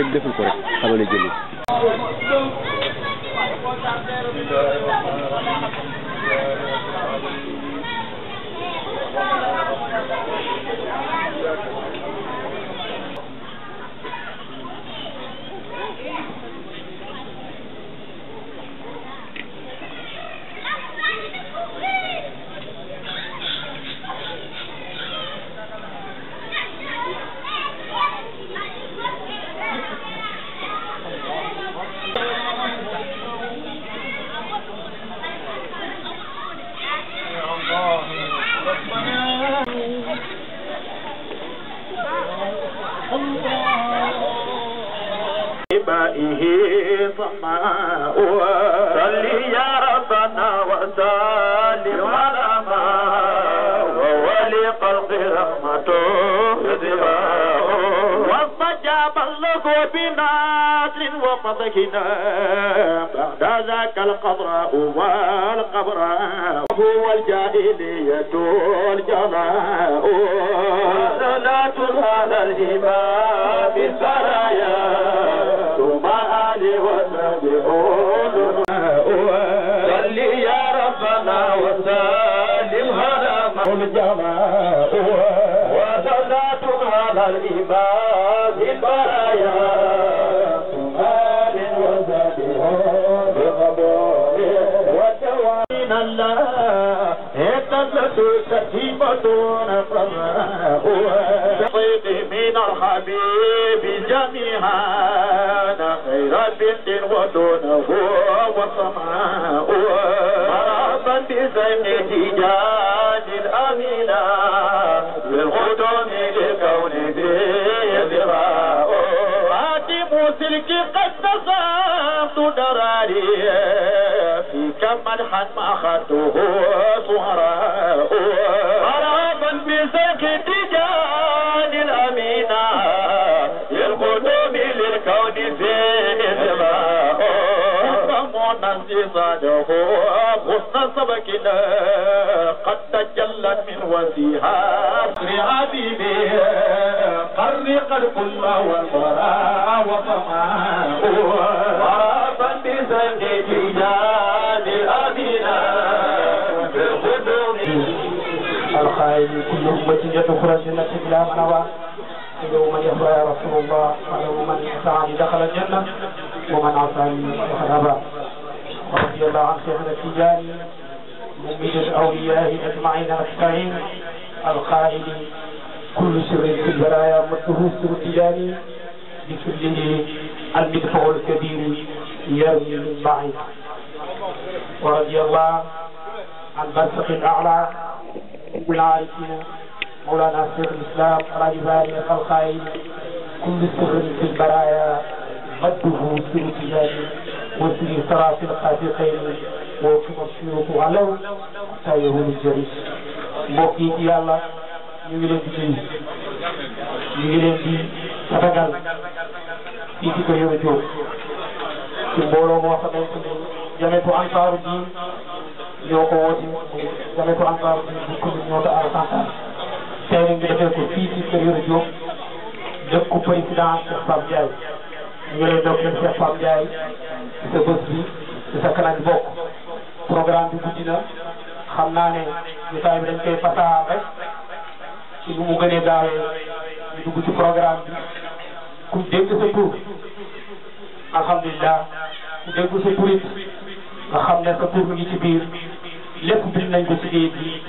fekk deful ko rek xamal ne jëlul يا ربنا وسلم على ما هو لخلق رحمته رضوانه واستجاب الله بنصر وفتحنا بعد ذاك القضاء والقبر هو الجاهلية الجماء صلاة على الإمام السرايا ثم آل وسلم هلا وسلم هلا والجماع وصلاة على الإمام البرايا سؤال وزاده بقبول وتوعين الله تلت كتيبة نفره طيب من الحبيب جميعا خير بنت ودونه وسمعه باسم احتجاج الأمينة للقدوم للكون فيه ذراع سلك قد نصبت دراري في كم ملحا ما أخذته صهراء مرحبا بسلك صفاته غصن سبكنا قد تجلت من وزيها لعبيبي قرق الكل والورى وسماء ورافا بزنجي جيجان أبينا الخائن كل أمة يدخل جنة بلا منوى يوم يهوى رسول الله ويوم من يسعني دخل الجنة ومن عصاني فقد أبى رضي الله عن سيدنا التجاري مؤمن الأولياء أجمعين أجمعين القائل كل سر في البرايا مده سر التجاري بكله المدفع الكبير يرمي من بعيد ورضي الله عن برزق الأعلى العارفين مولانا شيخ الإسلام ذلك القائل كل سر في البرايا مده سر التجاري وفي ترافق في خير وكما سيرك علو حتى يهون الجريس بوكي يالا ñu ngi leen di nuyu ñu ngi leen di tatagal fii ci kër Yoro Diop ci mbooloo moo xamante ni jametu ansaaru diin ñoo ko woote jametu ansaaru diin bu commune ñoo da al santar tey nag ñu defee ko fii ci kër Yoro Diop dëkku président Cheikh Pape Ndiaye ñu ngi leen doog leen Cheikh Pape Ndiaye sa bés bi ci sa kanam bokk programme bi guddi na xam naa ne bi dañ koy fasaa rek ci lu mu gënee gaawee ñu dugg ci programme ku dégg sa tur alhamdulilah ku dégg sa tur it nga xam sa tur mi ci biir lépp bind nañ ko ci géej gi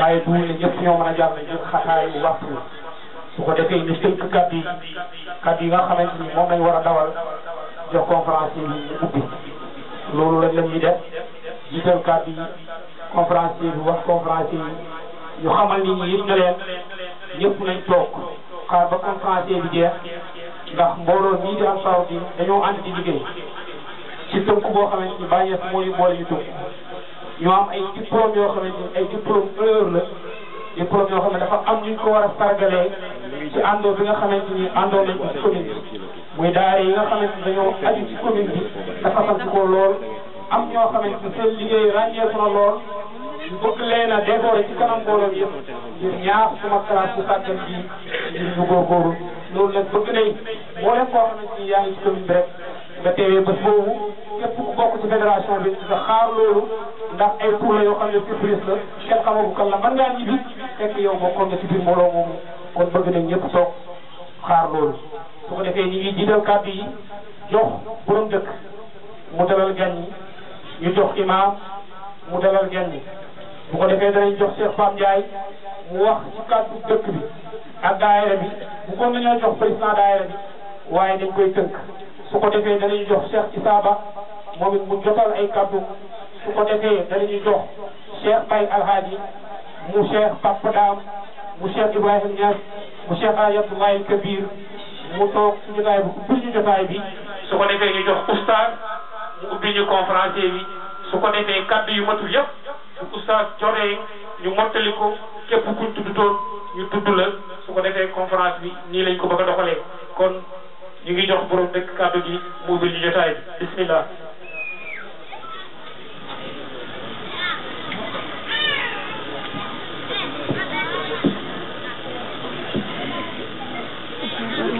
waaye duul ne ñëpp ñoo mën a jàll ngir xataayu waxtu su ko defee ñu tënk kàddu yi kàddu yi nga xamante ni moom lañ war a dawal jox conférence yi ubbi loolu rek la ñuy def jiital kàddu yi conférencier bi wax conférencier yi ñu xamal nit ñi yëpp na leen ñëpp nañ toog xaar ba conférencier bi jeex ndax mbooloo mii di Ansaru bi ni ñu am ay diplôme yoo xamante ni ay diplôme yoo xam ne dafa am ñu ko war a sargalee ci àndoo bi nga xamante ni àndoo nañ ko ci commune muy daara yi nga xamante ni dañoo aju ci commune bi dafa sant ko lool am ñoo xamante ni seen liggéey ràññeeku na lool ñu bëgg leen a décorer ci kanam mbooloo yëpp ngir ñaax suma classe bu sàggan bi ngir ñu góorgóorlu loolu nag bëgg nañ mboolem koo xamante ni yaa ngi ci commune bi rek nga teewee bés boobu képp ku bokk ci fédération bi nga xaar loolu ndax ay tour la yoo xam ne surprise la kenn xamagu kan la mën ngaa ñibbi fekk yow bokkoon nga ci biir mbooloo moomu kon bëgg nañ ñëpp toog xaar loolu su ko defee ñu ngi jiital kàddu yi jox borom dëkk mu dalal gan ñi ñu jox imaam mu dalal gan ñi bu ko defee danañ jox Cheikh Pam Ndiaye mu wax ci kàddu dëkk bi ak daayira bi bu ko nañoo jox président daayira bi waaye dañ koy tënk su ko defee danañu jox Cheikh Isaaba moom it mu jotal ay kàddu su ko defee danañu jox Cheikh Baye Alhaji mu Cheikh Papa Dam mu Cheikh Ibrahim Niass mu Cheikh Ayatoulaye Kabir mu toog si jotaay bi ñu jotaay bi su ko defee ñu jox oustaz mu ubbi ñu conférencier bi su ko defee kaddu yu matul yëpp bu oustaz joxee ñu mottali ko képp kuñ tudd doon ñu tudd la su ko defee conférence bi nii lañ ko bëgg a doxalee kon ñu ngi jox borom dëkk kaddu gi mu ubbi ñu jotaay bi bismillah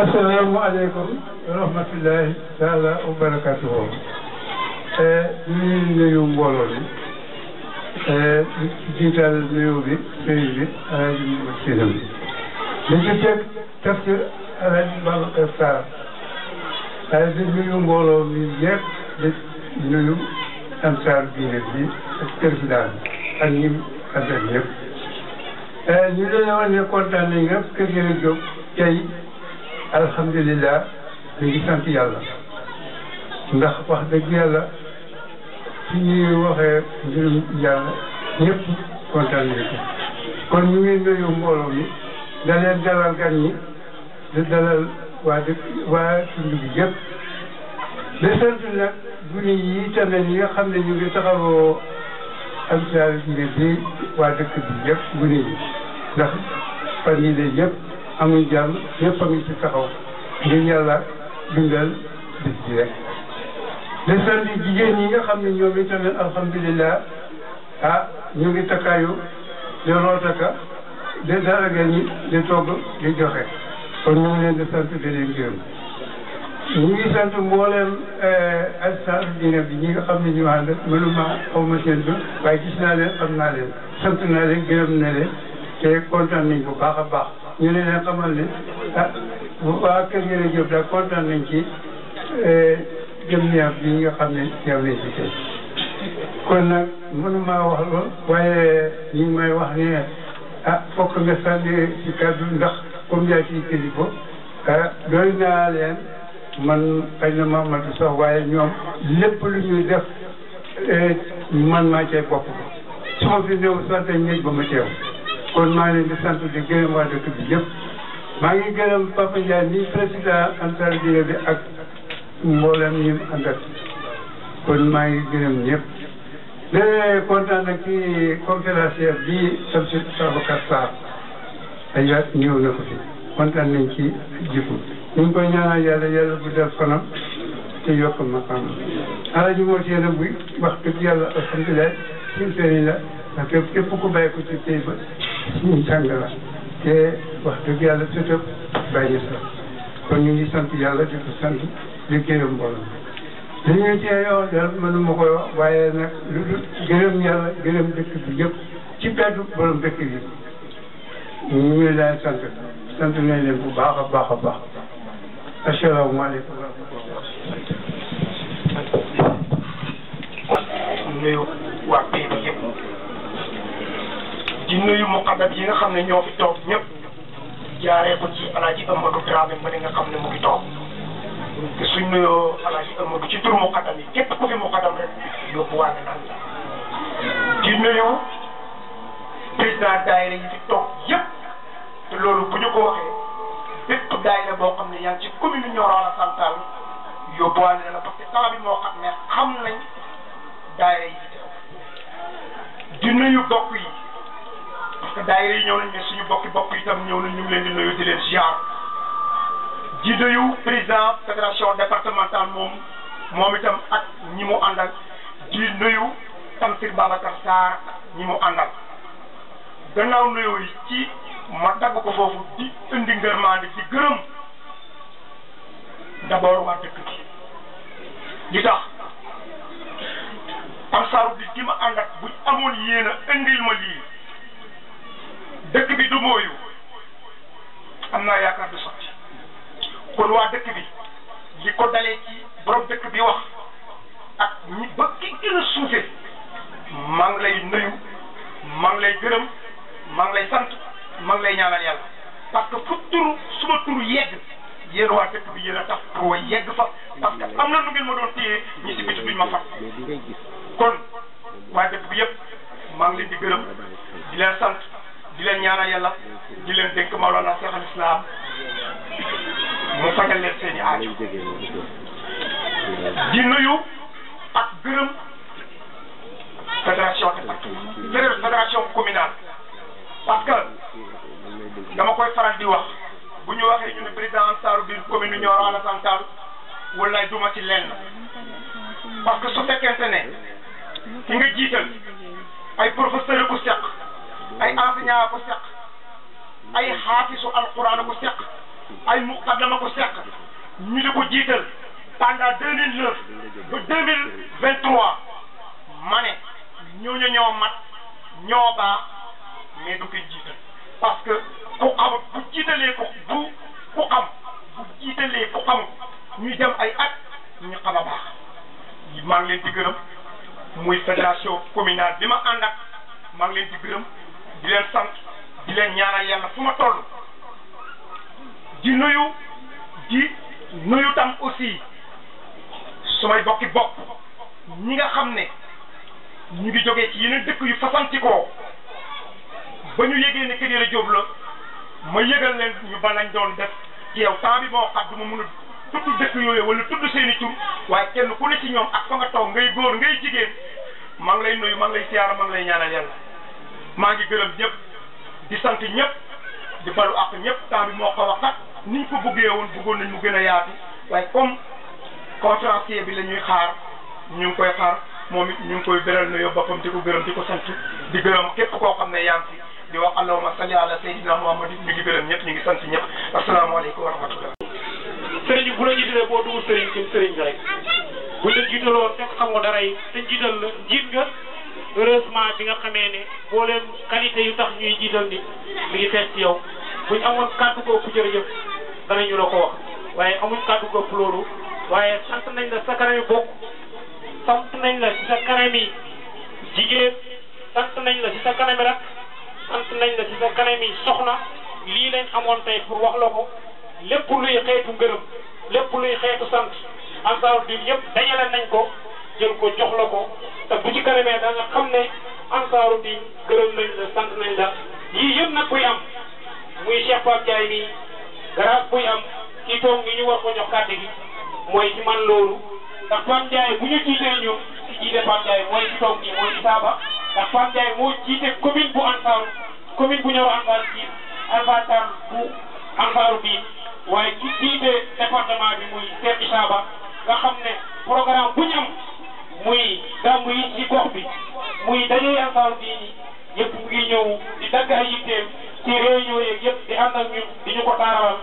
assalaamu aleykum wa rahmatullahi taala wa barakatuhu ñu eh, nuyu mbooloo mi eh, jiital nuyu bi sëriñ bi alaaji ma sinam li ci teg tafsir alaaji nuyu mbooloo mi yëpp di nuyu ansaar diine ak président bi ak ñi ànd ak ñëpp eh, ñu ne kontaan nañ nga kër gi la alhamdulilah ñu ngi sant yàlla ndax wax dëgg yàlla fi ñuy waxee mbirum yàlla ñëpp kontaan nañ ko kon ñu ngi nuyu mbooloo mi da leen dalal gan ñi di dalal waa dëkk waa tund bi yëpp di sant nag guni yi tamit ñi nga xam ne ñu ngi taxawoo ak daal mbir bi waa dëkk bi yëpp guni yi ndax fan yi de yëpp amuy jàll yëpp a ngi ci taxaw ngir yàlla dundal bis bi rek de jigéen ñi nga xam ne ñoom itamit alhamdulilah ah ñu ngi takkaayu di rootaka di daragal ñi di togg di joxe kon ñu ngi leen di sant di leen eh, ñi nga xam ne ñu ànd mënuma xaw ma waaye gis naa leen xam naa leen sant naa leen gërëm na leen te kontaan bu baax a baax ñu ne leen xamal ne ah waa kër Yoro Diop daal kontaan nañ ci eh, jëm bi nga xam ne yow lañ ci tey kon nag mënuma wax lool waaye ñu ngi may wax ne ah fokk nga sànni ci kàddu ndax comme yaa ciy kilifa ah doy naa leen man xëy na ma matu sax waaye ñoom lépp lu ñuy def eh, man maa cay bopp ko su ma fi néew sax dañ ñëj ba ma teew kon maa ngi leen di sant di gërëm waa dëkk bi yëpp maa ngi gërëm Papa Ndiaye mi président Ansar Dine bi ak mboolem ñi mu àndat kon maa ngi gërëm ñëpp de kontaan na ci bi Tamsir Sabacar Sarr ay waat ñëw ko fi kontaan ci jikko ñu ngi koy ñaanal yàlla yàlla bu def fanam te yokk maqaam alaji moo tee na buy wax dëgg yàlla alhamdulilah sincère la ndax képp képp ku bàyyi ko ci tey ba suñu càng la te wax dëgg yàlla sëtëb bàyyi sax kon ñu ngi sant yàlla di ko sant di gërëm mbooloo li ñu ci yoo dal mënuma koy waaye nag lu dul gërëm dëkk bi yëpp ci beddu borom bi ñu ngi lay sant sant nañ leen bu baax a baax a baax asalaamaaleykum wa rahmatulah nuyu waa di nuyu muqaddam yi nga xam ne ñoo fi toog ñëpp jaaree ko ci alaaji Amadou Dramé ma ne nga xam ne mu ngi toog suñ nuyoo alaaji Amadou ci tur muqaddam yi képp ku fi muqaddam rek yóbbuwaale naan la di nuyu président daayira yi fi toog yëpp te loolu bu ñu ko waxee bépp daayira boo xam ne yaa ngi ci commune Nioro la santal yóbbuwaale na la parce que temps bi moo xam ne xam nañ daayira yi fi teew di parce que daayira yi ñëw nañ mais suñu bokki bokk itam ñëw nañ ñu ngi leen di nuyu di leen ziar di nuyu président moom moom itam ak ñi mu àndal di nuyu Tamsir Babacar Sarr ñi mu àndal gannaaw yi ci ma dagg ko foofu di indi ngërmaande di gërëm d'abord waa dëkk bi li tax Ansaaru bi di ma ànd ak buñ amoon yéen a ma lii dëkk bi du mooyu am naa yaakaar du sotti kon waa dëkk bi li ko dalee ci borom dëkk bi wax ak ñi ba ki gën a suufee maa ngi lay nuyu maa ngi lay gërëm maa ngi lay sant maa ngi lay ñaanal yàlla parce que fu turu suma turu yegg yéen waa dëkk bi yéen a tax pour way yegg fa parce am na nu ngeen ma doon téye ñi si biti duñ ma fat kon waa dëkk bi yëpp maa ngi leen di gërëm di leen sant di leen ñaanal yàlla di leen dénk Maolana Cheikh al Islam mu fajal leen seen i aajo di nuyu ak gërëm fédération fédération communale parce que dama koy faral di wax bu ñu waxee ñu ne bi Ansaaru biir commune Nioro Alassane Tall walaay duma ci lenn parce que su fekkente ne ki nga jiital ay professeurs yu ko seq ay enseignant ko seq ay xaafisu alquran ko seq ay muqaddama ko seq ñu di ko jiital pendant deux mille neuf ba deux mille vingt trois ma ne ñooñu mat ñoo baax mais du ko parce que ku xam bu jiitalee ko bu ku xam bu jiitalee ku xam ñu dem ay at ñu xam a baax maa ngi leen di gërëm muy fédération communale bi ma ànd ak leen di di leen sant di leen ñaanal yàlla fu ma toll di nuyu di nuyu tam aussi sumay bokki bokk ñi nga xam ne ñu ngi jógee ci yeneen dëkk yu fasantikoo ba ñu yégee ne Kédé Jóob la ma yëgal leen ñu ba lañ doon def ci yow temps bi moo xam du ma mun a tudd dëkk yooyu wala tudd seeni tur waaye kenn ku ne ci ñoom ak ko nga toog ngay góor ngay jigéen maa ngi lay nuyu maa ngi lay siyaara maa ngi lay ñaanal yàlla maa ngi gërëm ñëpp di sant ñëpp di balu ak ñëpp temps bi moo xaw a xat niñ ko bëggee woon bëggoon nañ mu gën a yaatu waaye comme conférencier bi la ñuy xaar ñu ngi koy xaar moom it ñu ngi koy beral nuyoo boppam di ko gërëm di ko sant di gërëm képp koo xam ne yaa ngi fi di wax allahumma salli ala sayyidina muhammad ñu ngi gërëm ñëpp ñu ngi sant ñëpp asalaamaaleykum wa rahmatullah. sëriñ bu la jiitalee boo dugg sëriñ sëriñ bi rek buñ la jiitaloon te xam heureusement bi nga xamee ne boo qualité yu tax ñuy jiital nit mi ngi fees ci yow buñ amoon kàddu ko ëpp jërëjëf danañu la ko wax waaye amuñ kàddu ko ëpp loolu waaye sant nañ la sa kanami bokk nañ la ci sa kanami jigéen sant nañ la ci sa kanami rak sant nañ la ci sa kanami soxna lii lañ amoon tey pour wax la ko lépp luy xeetu ngërëm lépp luy xeetu sant ansaaru diin yëpp dajale nañ ko jël ko jox la ko te bu ci kanamee da nga xam ne ansaaru bi gërëm nañ la sant nañ la yii yëpp nag buy am muy Cheikh Pape Ndiaye mi garaas buy am kii toog ngi ñu war ko jox kàddu gi mooy ci man loolu ndax Pape Ndiaye bu ñu jiitee ñun ci jiite Pape Ndiaye mooy ci toog nii mooy ci saaba ndax Pape Ndiaye moo jiite commune bu ansaaru commune bu ñëw ansaar bi albatar bu ansaaru bi waaye ci jiite département bi muy Seydou Saba nga xam ne programme bu ñu muy gàmmu yi ci gox bi muy di dagg ay yitteem ci réunion di ànd ak di ñu ko taarawal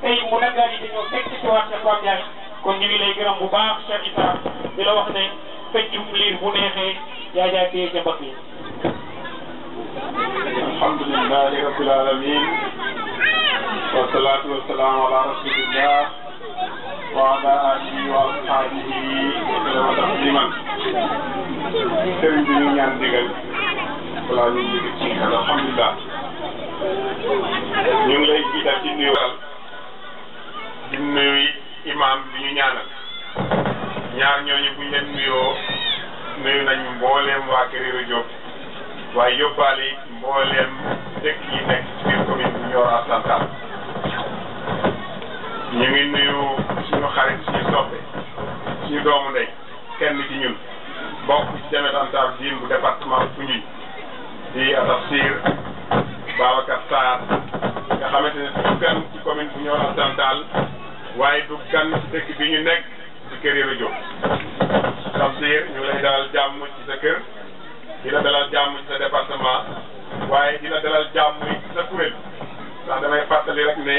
tey mu daggaat yi dañoo fekk ci waat ca Pape Ndiaye kon ñu ngi lay gërëm bu baax Cheikh Issa di la wax ne feccum liir bu neexee yaa jaay téye ca mbokk yi. alhamdulilahi rabbil alamin wasalaatu wasalaamu ala rasulillah وعلى آله وأصحابه وسلم تسليما sëriñ bi ñu ñaan digal balaa ñu jóge ci alhamdulilah ñu ngi lay jiital ci nuyu di nuyu imaam bi ñu ñaanal ñaar ñooñu bu ñu leen nuyoo nuyu nañ mbooleem waa Kéré Diop waaye yóbbaale it mbooleem dëkk yi nekk ci biir commune bu Nioro ak Santane ñu ngi nuyu suñu xarit suñu soppe suñu doomu ndey kenn ci ñun bokk ci Jamhiyatul Ansarud Din bu département Foundiougne di Tafsir Babacar Sarr nga xamante ne du gan ci commune bu Nioro Occidentale waaye du gan ci dëkk bi ñu nekk ci kër yi rajo Tafsir ñu lay dalal jàmm ci sa kër di la dalal jàmm ci sa département waaye di la dalal jàmm ci sa kuréel ndax damay fàttali rek ne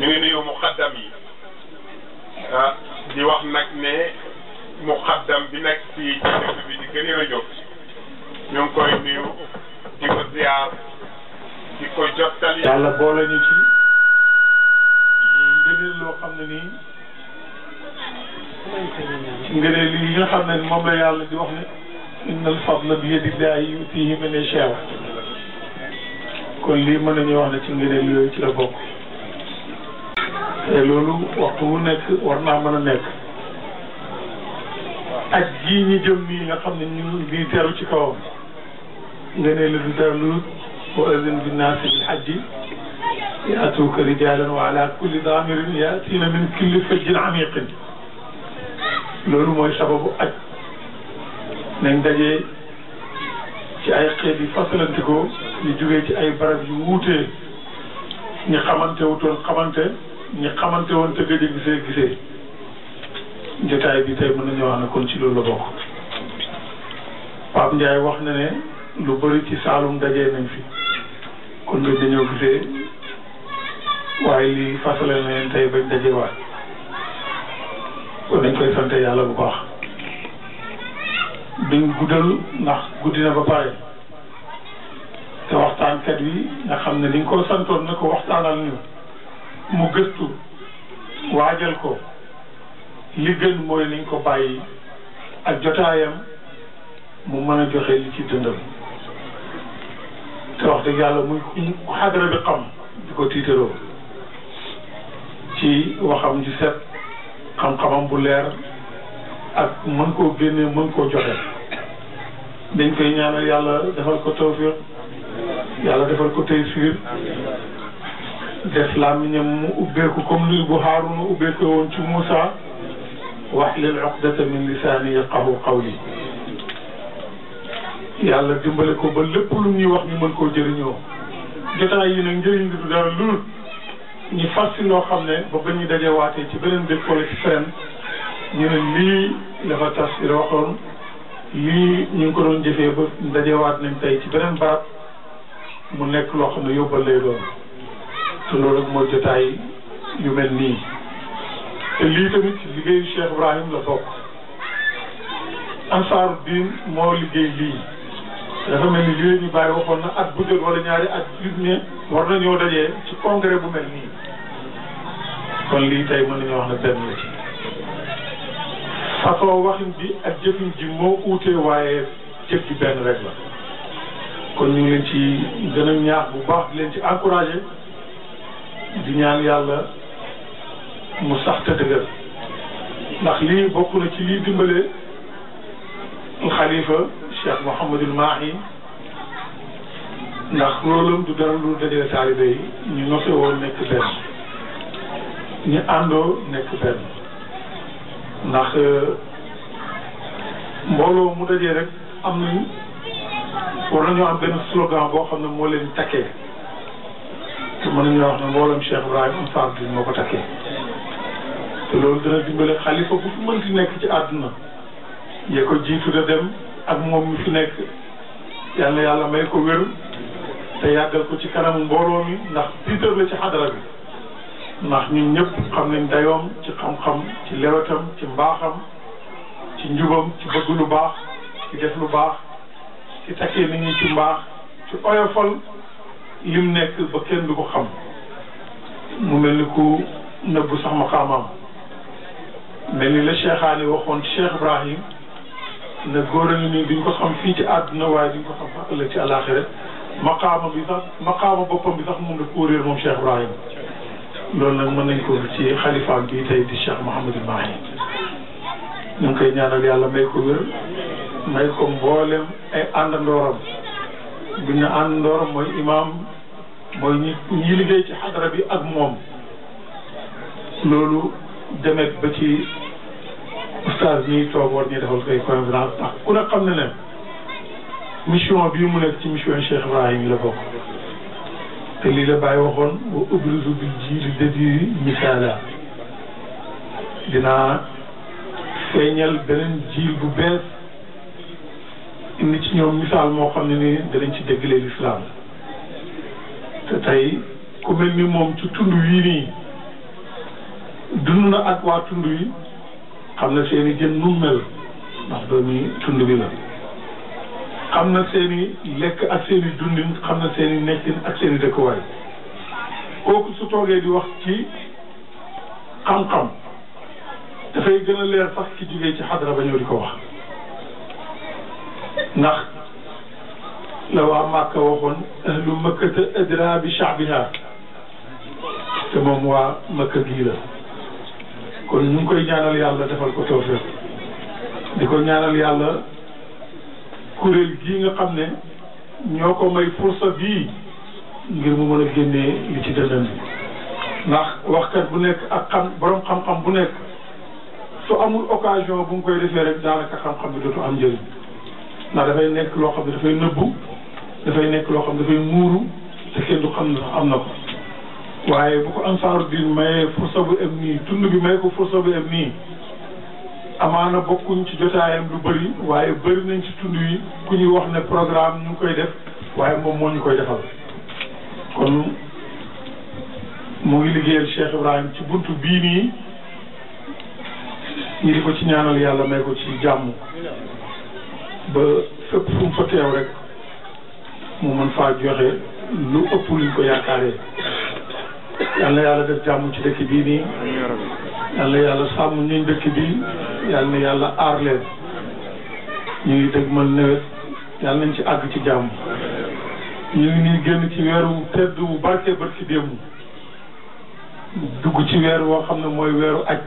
ñu ngi nuyu muqaddam yi ah di wax nag ne muqaddam bi nekk ci dëkk bi ñu ngi koy nuyu ko ziar di ko jottali. yàlla boole ñu ci ngëneel loo xam ne nii ngëneel yi nga xam ne moom la yàlla di wax ne innal fadla bi yadillaahi yutiihi man yashaa kon lii mën nañu wax ne ci ngëneel yooyu ci la bokk. loolu waxtu wu nekk war naa mën a nekk ak gii ñu jëm nii nga xam ne ñu ngi teru ci kawam nga ne lu du dara lu wa azin bi naasi bil hajji yaatuuka rijaalan wa ala kulli daamirin yaatiina min kulli fajjin amiqin loolu mooy sababu aj nañ daje ci ay xeet yi fasalante ko ñu jógee ci ay barab yu wuutee ñu xamante wutoon xamante ñi xamante woon te gëj gisee gisee jotaay bi tey mën nañu wax ne kon ci loolu la bokk Pape Ndiaye wax na ne lu bari ci Saalum dajee nañ fi kon gëj nañoo gisee waaye lii fasale na leen tey bañ dajewaat kon dañ koy sante yàlla bu baax duñ guddal ndax guddi na ba pare te waxtaankat yi nga xam ne ni nga ko santoon na ko waxtaanal ñu mu gëstu waajal ko li gën mooy niñ ko bàyyi ak jotaayam mu mën a joxe li ci dundam te wax dëgg yàlla muy ku xadara bi xam di ko tiitaroo ci waxam ji set xam-xamam bu leer ak mën koo génne mën koo joxe dañ koy ñaanal yàlla defal ko tawfiq yàlla defal ko taysiir def làmmiñam mu ubbeeku comme ni bu Haaruna ubbeekoo woon ci Moussa wahlul uqdata min lisaani yafqahu qawli yàlla dimbale ko ba lépp lu ñuy wax ñu mën koo jëriñoo jotaay yi nag njëriñ li du dara lu ñu fas si loo xam ne ba ba ñu dajewaatee ci beneen dëkk wala ci feneen ñu ne lii dafa tafsir waxoon lii ñu ngi ko doon jëfee ba dajewaat nañ tey ci beneen barab mu nekk loo xam ne yóbbal lay te loolu rek yu mel nii te lii tamit ci liggéeyu Cheikh Ibrahim la bokk ansaaru diin moo liggéey lii dafa mel ni lii la bàyyi waxoon na at bu jot ñaari at yu ne war nañoo dajee ci congrès bu mel nii kon lii tey mën nañoo wax ne benn la ci façon waxin bi ak jëfin ji moo uutee waaye jëf ji benn rek la kon ñu ngi leen ci gën ñaax bu baax di leen ci encouragé di ñaan yàlla mu sax dëgër ndax lii bokk na ci lii dimbale xalifa Cheikh Mouhamadul Mahi ndax loolu du dara lu dajale taalibe yi ñu noté woon nekk benn ñu àndoo nekk benn ndax euh, mbooloo mu dajee rek am nañ war nañoo am benn slogan boo xam ne moo leen takkee te mën nañoo wax ne mbooloom Cheikh mu Fall bi moo ko takkee te loolu dana dimbale xalifa bu fi mënti nekk ci àdduna yee ko jiitu da ak moom mu fi nekk yal na yàlla may ko wér te yàggal ko ci kanam mbooloo mi ndax tiitar la ci xadara bi ndax ñun ñëpp xam nañ dayoom ci xam-xam ci lewetam ci mbaaxam ci njubam ci bëgg lu baax ci def lu baax ci takkee nit ñi ci mbaax ci oyofal lim nekk ba kenn du ko xam mu mel ni ku nëbbu sax ma xaamaam mel ni la Cheikh Ali waxoon Cheikh Ibrahim ne góor a ngi nii duñ ko xam fii ci àdduna waaye duñ ko xam sax ëllëg ci àllaaxira maqaama bi sax maqaama boppam bi sax mun na ko réer moom Cheikh Ibrahim loolu nag mën nañ ko ci xalifaam bi tey di Cheikh Mouhamadul Mahi ñu ngi koy ñaanal yàlla may ko wér may ko mboolem ay àndandooram bu ñu àndandooram mooy imaam mooy ñi ñi liggéey ci xadara bi ak moom loolu demet ba ci oustaz ñi toog war ñuy defal koy conférence ndax ku ne xam ne ne mission bii mu nekk ci mission Cheikh Ibrahim la bokk te lii la bàyyi waxoon wa ubrisu bi ji li dadi misaala dinaa feeñal beneen jiil bu bees indi ci ñoom misaal moo xam ne ni danañ ci déglee l'islam te tey ku mel ni moom ci tund yii nii dund na ak waa tund yi xam na seeni gën nu mel ndax doomi tund bi la xam na seeni lekk ak seeni dundin xam na seeni nekkin ak seeni dëkkuwaay kooku su toogee di wax ci xam-xam dafay gën a leer sax ki jógee ci xadra ba ñëw di ko wax ndax la waa Màkka waxoon ahlu makkata adra bi shaabiha te moom waa Makka gii la kon mu ngi koy ñaanal yàlla defal ko tawfiq di ko ñaanal yàlla kuréel gii nga xam ne ñoo ko may fursa bii ngir mu mën a génne li ci dëndam bi ndax waxkat bu nekk ak xam borom xam-xam bu nekk su amul occasion bu mu koy defee rek daanaka xam-xam bi dootu am njëriñ ndax dafay nekk loo xam ne dafay nëbbu dafay nekk loo xam dafay muuru te kenn du xam na am na ko waaye bu ko ansaaru diin mayee fursa bu am nii tund bi may ko fursa bu am nii amaana bokkuñ ci jotaayam lu bëri waaye bëri nañ ci tund yi ku ñuy wax ne programme ñu koy def waaye moom moo ñu koy defal kon mu ngi liggéeyal Cheikh Ibrahim ci buntu bii nii ñi di ko ci ñaanal yàlla may ko ci jàmm ba fépp fu fa teew rek mu mën faa joxe lu ëpp luñ ko yaakaaree yal na yàlla def jàmm ci dëkk bii nii yal na yàlla sàmm ñuñ dëkk bii yal na yàlla aar leen ñu ngi dëgg mën nawet yal nañ ci àgg ci jàmm ñu ngi nii génn ci weeru tedd bu barke bër ci démb dugg ci weer woo xam ne mooy weeru aj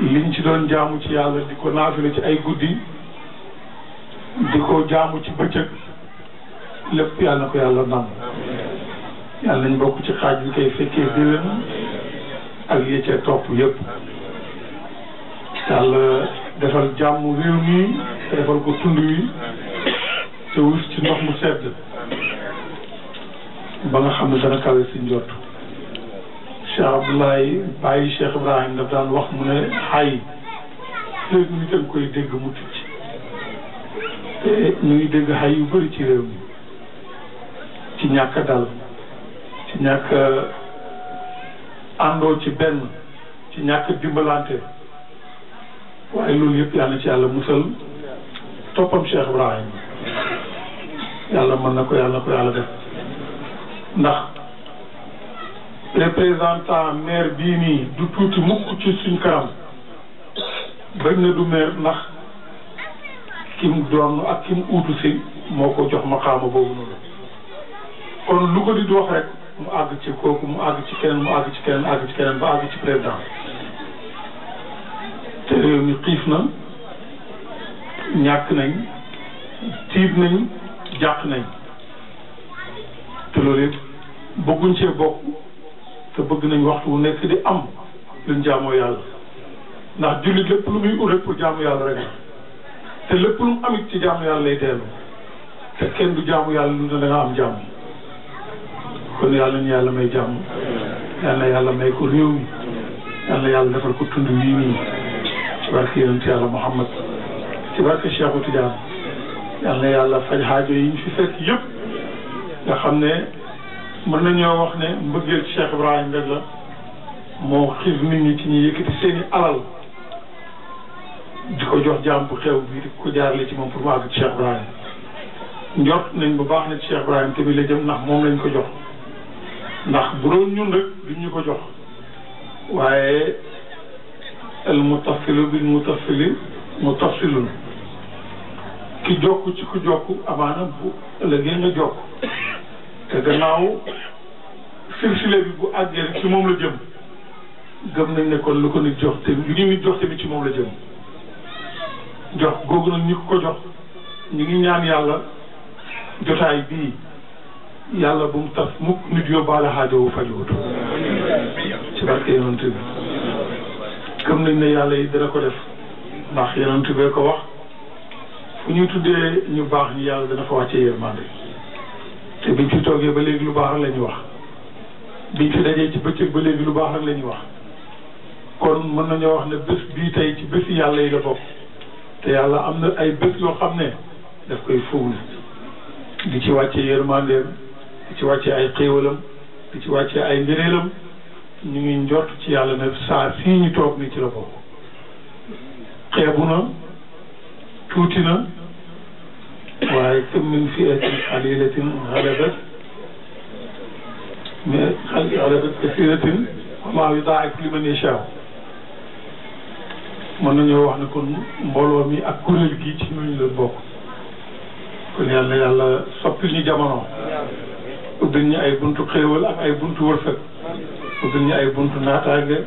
liñ ci doon jaamu ci yàlla di ko naafile ci ay guddi di ko jaamu ci bëccëg lépp yàlla na ko yàlla nangu yàlla nañ bokk ci xaaj bi koy fekkee déwén ak yéccee topp yëpp yàlla defal jàmm réew mi te defal ko tund wi te wus ci ndox mu sedd ba nga xam ne dana kawe si njott Cheikh Abdoulaye bàyyi Cheikh Ibrahim daf daan wax mu ne xay léegi koy dégg mu tucc te ñu ngi dégg xay yu bëri ci réew mi ci ñàkk dal ci ñàkk àndoo ci benn ci ñàkk dimbalante waaye loolu yëpp yàlla ci yàlla musal toppam Cheikh Ibrahim yàlla mën na ko yàlla ko yàlla def ndax représentant maire bii nii du tuuti mukk ci suñ kanam bañ na du maire ndax ki mu ak ki mu si moo ko jox maqaama boobu noonu kon lu ko di dox rek mu àgg ci kooku mu àgg ci keneen mu àgg ci keneen àgg ci keneen ba àgg ci président te réew mi xiif na ñàkk nañ tiib nañ jàq nañ te loolu yëpp bëgguñ cee bokk te bëgg nañ waxtu wu nekk di am luñ jaamoo yàlla ndax jullit lépp lu muy ut rek jaamu yàlla rek te lépp lu mu amit ci jaamu yàlla lay dellu te kenn du jaamu yàlla lu ne da am jàmm kon yàlla ñu yàlla may jàmm yàlla na yàlla may ko réew mi yàlla defal ko tund wii nii ci barke yonent yàlla Muhammad ci barke Cheikhu Tidiane yàlla yàlla faj xaajo yi ñu fi fekk yëpp nga xam ne mën nañoo wax ne mbëggeel ci Cheikh Ibrahim rek la moo xiif nit ñi ci ñuy yëkkati seeni alal di ko jox jaam bu xew bi di ko jaarale ci moom pour mu àgg ci Cheikh Ibrahim njort nañ bu baax na ci Cheikh Ibrahim tamit la jëm ndax moom lañ ko jox ndax bu doon ñun rek duñ ñu ko jox waaye al mutafilu bil mutafili mutafilun ki jokk ci ku jokk amaana bu ëllëgee nga jokk te gannaaw silsile bi bu àggee ci moom la jëm gëm nañ ne kon lu ko nit jox te lu ñu nit jox tamit ci moom la jëm jox googu nag ñu ko jox ñu ngi ñaan yàlla jotaay bii yàlla bu mu tas mukk nit yóbbaale xaajoowu fajuwut ci barke yonent bi gëm nañ ne yàlla yi dina ko def ndax yonent bee ko wax fu ñuy tuddee ñu baax ñi yàlla dana ko wàccee yërmande te biñ fi toogee ba léegi lu baax rek la ñu wax biñ fi dajee ci bëccëg ba léegi lu baax ak la ñu wax kon mën nañoo wax ne bés bii tey ci bési yàlla yi la bokk te yàlla am na ay bés yoo xam ne daf koy fóowu di ci wàccee yërmandeem di ci wàccee ay xéewalam di ci wàcce ay ngëneelam ñu ngi njort ci yàlla ne saa sii ñu toog ni ci la bokk xeebu na tuuti na waaye kam min fiatin xalilatin xalabat mais xalabat kasiratin wallahu yudaaif liman yashaa mën nañoo wax ni kon mbooloo mi ak kuréel gi ci ñooñu la bokk kon yàlla yàlla soppi ñu jamono ubbil ñu ay buntu xéewal ak ay buntu wërsëg ubbil ñu ay buntu naataange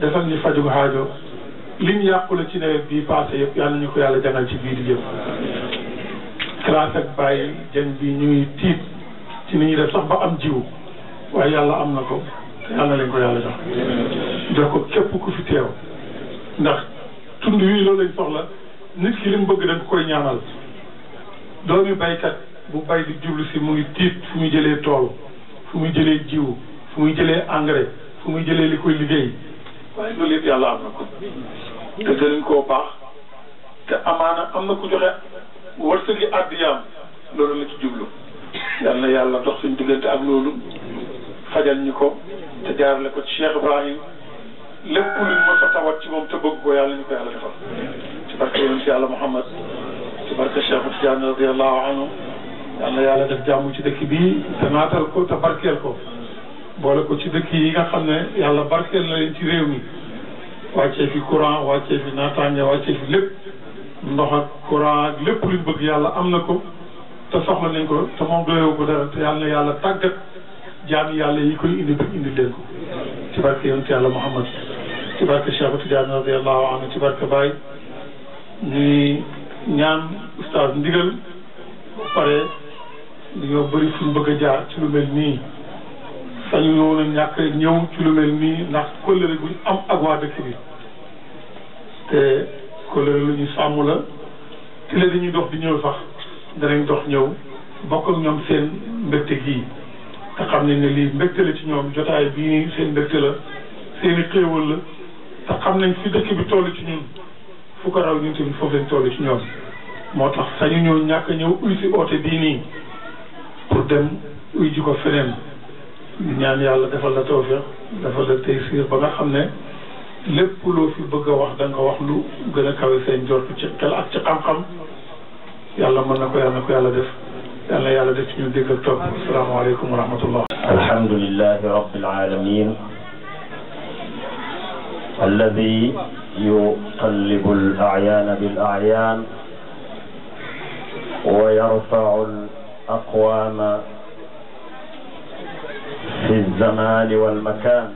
defal ñu faju xaajo liñ yàqule ci nawet bii passé yëpp yàlla ñu ko yàlla jangal ci biir di jëm classe ak bàyyi jën bi ñuy tiit ci ni ñuy def sax ba am jiwu waaye yàlla am na ko te yàlla lañ ko yàlla jox jox ko képp ku fi teew ndax tund wii loolu lañ soxla nit ki li mu bëgg dañ koy ñaanal doomi baykat bu bay di jublu si mu ngi tiit fu muy jëlee tool fu muy jëlee jiw fu muy jëlee engrais fu muy jëlee li koy liggéey waaye loolu yëpp yàlla am na ko te danañ koo baax te amaana am na ku joxe wërsëgi addiyaam loolu la ci jublu yal na yàlla dox suñ diggante ak loolu fajal ñu ko te jaarale ko ci Cheikh Ibrahim lépp luñ mos a tawat ci moom te bëgg ko yàlla ñu ko yàlla defal ci barke yonent yàlla Muhammad ci barke Cheikh Tidiane radiallahu anhu yal na yàlla def jàmm ci dëkk bi te naatal ko te barkeel ko boole ko ci dëkk yi nga xam ne yàlla barkeel na leen ci réew mi wàccee fi courant wàccee fi fi lépp ndox ak courant ak lépp luñ bëgg yàlla am na ko te soxla nañ ko te moom doyoo ko dara te yal na yàlla tàggat jaami yàlla yi koy indi ba indi leen ko ci barke yonent yàlla Muhammad ci barke Cheikh Tidiane radiyallahu anhu ci ñaan oustaz ndigal pare dañoo bëri fu ñu bëgg a jaar ci lu mel nii sañu noonu ñàkk ñëw ci lu mel nii ndax kóllëre gu ñu am ak waa dëkk bi te kóllëre lu ñu sàmm la ci la dañuy dox di ñëw sax danañ dox ñëw bokk ak ñoom seen mbégte gii te xam nañ ne lii mbégte la ci ñoom jotaay bii seen mbégte la seen i la te xam nañ fi dëkk bi toll ci ñun fu ko raw ñun tamit foofu lañ toll ci ñoom moo tax sañu ñëw ñàkk ñëw uy si oote bii nii pour dem uy ji ko feneen ñaan yàlla defal la tawfiq defal la taysiir ba nga xam ne lépp loo fi bëgg a wax da nga wax lu gën a kawe seen jort ci xel ak ci xam-xam yàlla mën na ko yàlla na ko yàlla def yàlla yàlla def ci ñu dégg ak topp asalaamaaleykum wa rahmatullah alhamdulilahi rabbil alamin الذي يقلب الأعيان بالأعيان ويرفع أقواما في الزمان والمكان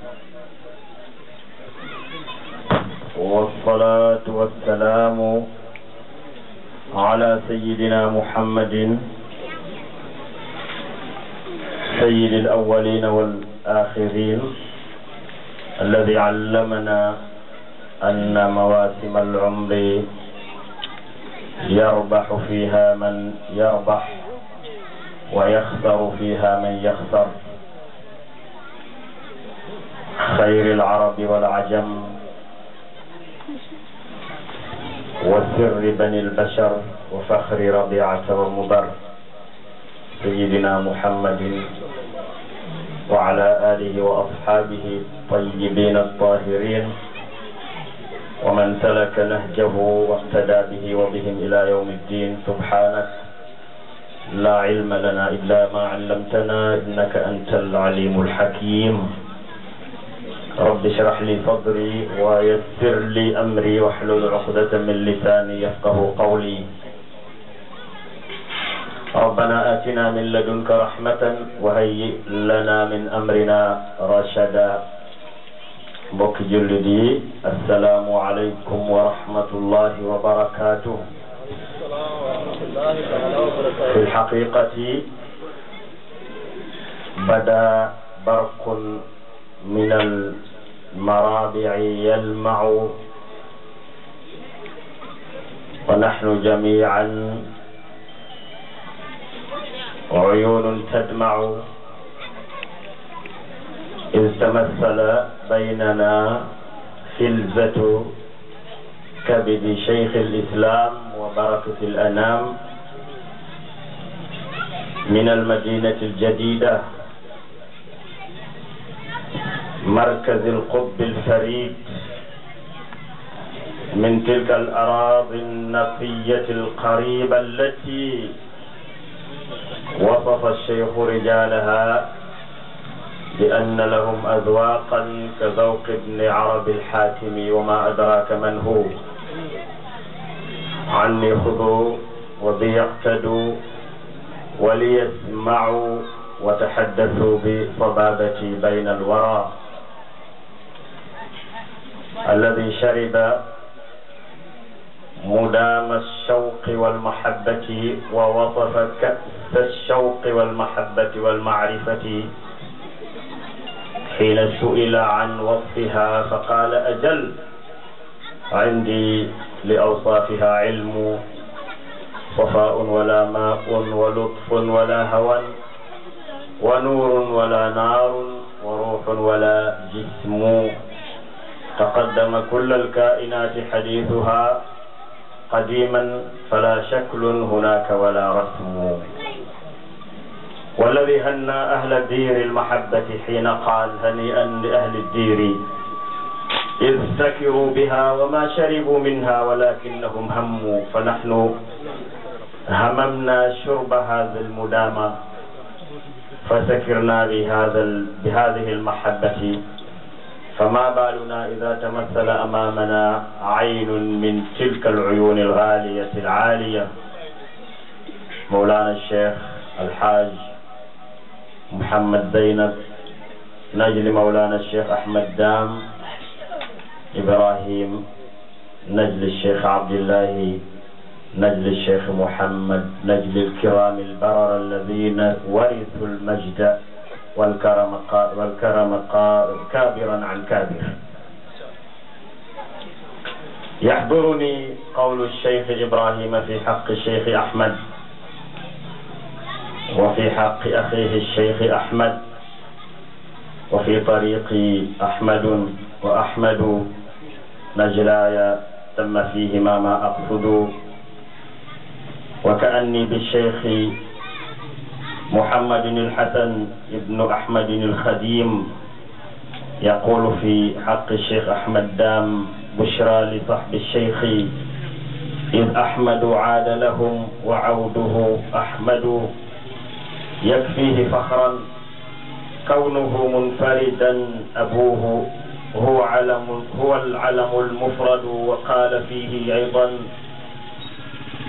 والصلاة والسلام على سيدنا محمد سيد الأولين والآخرين الذي علمنا أن مواسم العمر يربح فيها من يربح ويخسر فيها من يخسر خير العرب والعجم وسر بني البشر وفخر ربيعة ومضر سيدنا محمد وعلى آله وأصحابه الطيبين الطاهرين ومن سلك نهجه واقتدى به وبهم إلى يوم الدين سبحانك لا علم لنا إلا ما علمتنا إنك أنت العليم الحكيم رب اشرح لي صدري ويسر لي أمري واحلل عقدة من لساني يفقه قولي ربنا آتنا من لدنك رحمة وهيئ لنا من أمرنا رشدا بك جلدي السلام عليكم ورحمة الله وبركاته في الحقيقة بدا برق من المرابع يلمع ونحن جميعا عيون تدمع إذ تمثل بيننا فلزة كبد شيخ الإسلام وبركة الأنام من المدينة الجديدة مركز القطب الفريد من تلك الأراضي النقية القريبة التي وصف الشيخ رجالها بأن لهم أذواقا كذوق ابن عرب الحاتمي وما أدراك من هو عني خذوا وبي اقتدوا وليسمعوا وتحدثوا بصبابتي بين الورى الذي شرب مدام الشوق والمحبة ووصف كأس الشوق والمحبة والمعرفة حين سئل عن وصفها فقال أجل عندي لأوصافها علم وفاء ولا ماء ولطف ولا هوى ونور ولا نار وروح ولا جسم تقدم كل الكائنات حديثها قديما فلا شكل هناك ولا رسم والذي هنى أهل الدير المحبة حين قال هنيئا لأهل الدير إذ سكروا بها وما شربوا منها ولكنهم هموا فنحن هممنا شرب هذا المدامة فسكرنا بهذا بهذه المحبة فما بالنا إذا تمثل أمامنا عين من تلك العيون الغالية العالية مولانا الشيخ الحاج محمد زينب نجل مولانا الشيخ أحمد دام إبراهيم نجل الشيخ عبد الله نجل الشيخ محمد نجل الكرام البرر الذين ورثوا المجد والكرم والكرم كابرا عن كابر يحضرني قول الشيخ إبراهيم في حق الشيخ أحمد وفي حق أخيه الشيخ أحمد وفي طريق أحمد وأحمد نجلايا تم فيهما ما أقصد وكأني بالشيخ محمد الحسن ابن أحمد الخديم يقول في حق الشيخ أحمد دام بشرى لصحب الشيخ إذ أحمد عاد لهم وعوده أحمد يكفيه فخرا كونه منفردا أبوه هو علم هو العلم المفرد وقال فيه أيضا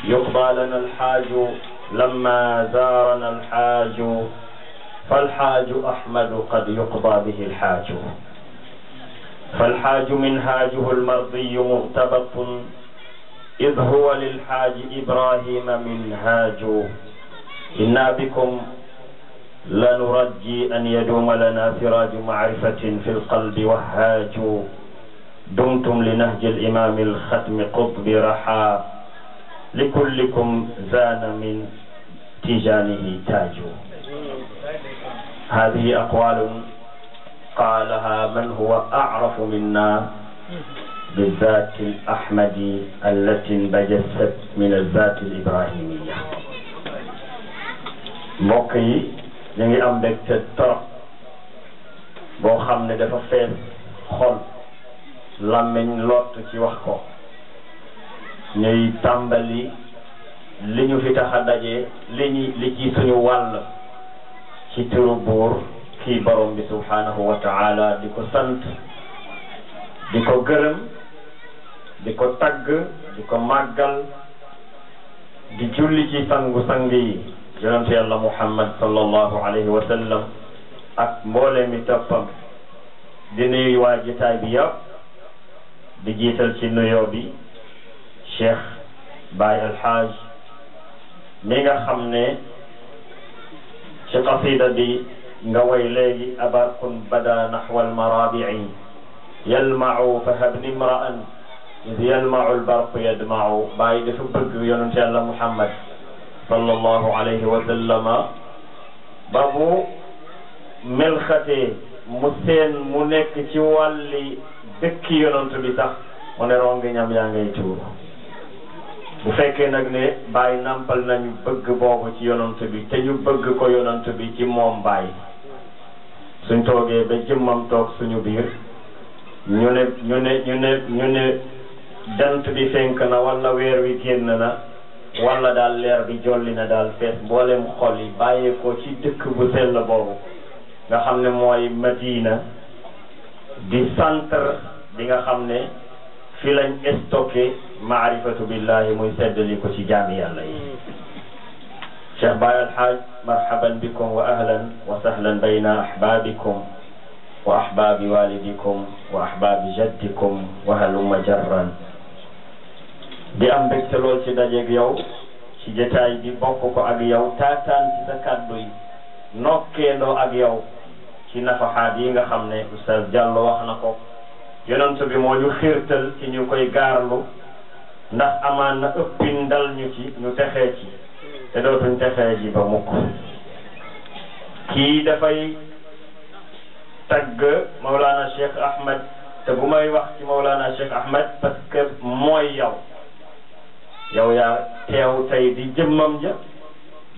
يقضى لنا الحاج لما زارنا الحاج فالحاج أحمد قد يقضى به الحاج فالحاج منهاجه المرضي مرتبط إذ هو للحاج إبراهيم منهاج إنا بكم لا نرجي أن يدوم لنا سراج معرفة في القلب وهاج دمتم لنهج الإمام الختم قطب رحى لكلكم زان من تجانه تاج هذه أقوال قالها من هو أعرف منا بالذات الأحمدي التي انبجست من الذات الإبراهيمية مقي ñu ngi am mbégte torop boo xam ne dafa fees xol làmmiñ lott ci wax ko ñuy tàmbali li ñu fi tax a daje li ñu li ci suñu wàll ci turu buur kii borom bi subhanahu wa taala di ko sant di ko gërëm di ko tagg di ko màggal di julli ci sangu sang yi yonent yàlla muhammad sallallahu alayhi wa sallam ak mboole mi toppam di nuyu waa jitaay bi yëpp di jiital ci nuyoo bi cheikh baay alxaaj mi nga xam ne ci qasida bi nga way léegi abarkun bada naxwa almarabii yalmacu fahab nimraan id yalma'u albarqu yadma'u bàyyi dafa bëgg yonent yàlla muhammad sallallahu alayhi wa sallama ba mu melxatee mu seen mu nekk ci wàlli dëkki yonant bi sax mu ne rongi ñam yaa ngay tuur bu fekkee nag ne bàyyi nampal nañu bëgg boobu ci yonant bi te ñu bëgg ko yonant bi ci moom bàyyi suñ toogee ba jëmmam toog suñu biir ñu ne ñu ne ñu ne ñu ne jant bi fenk na walla weer wi génn na wala daal leer bi jolli na daal fees mboolem xol yi bàyyeekoo ci dëkk bu sell boobu nga xam ne mooy Madina di centre bi nga xam ne fi lañ stocké maarifatu billahi muy seddali ko ci jaami yàlla yi Cheikh Baye Alhaaj marhaban bikum wa ahlan wa sahlan bayna ahbabikum wa ahbabi walidikum wa ahbabi jaddikum wa halumma jarran di am mbégte lool ci dajeeg yow ci jotaay bi bokk ko ak yow taataan ci sa kàddu yi nokkeeloo ak yow ci nafaxaat yi nga xam ne Oustaz Diallo wax na ko yonent bi moo ñu xiirtal ci ñu koy gaarlu ndax amaan na ëppin dal ñu ci ñu texee ci te dootuñ texee ji ba mukk kii dafay tagg Mawlana Cheikh Ahmed te bu may wax ci Mawlana Cheikh Ahmed parce mooy yow yow yaa teew tey di jëmmam ja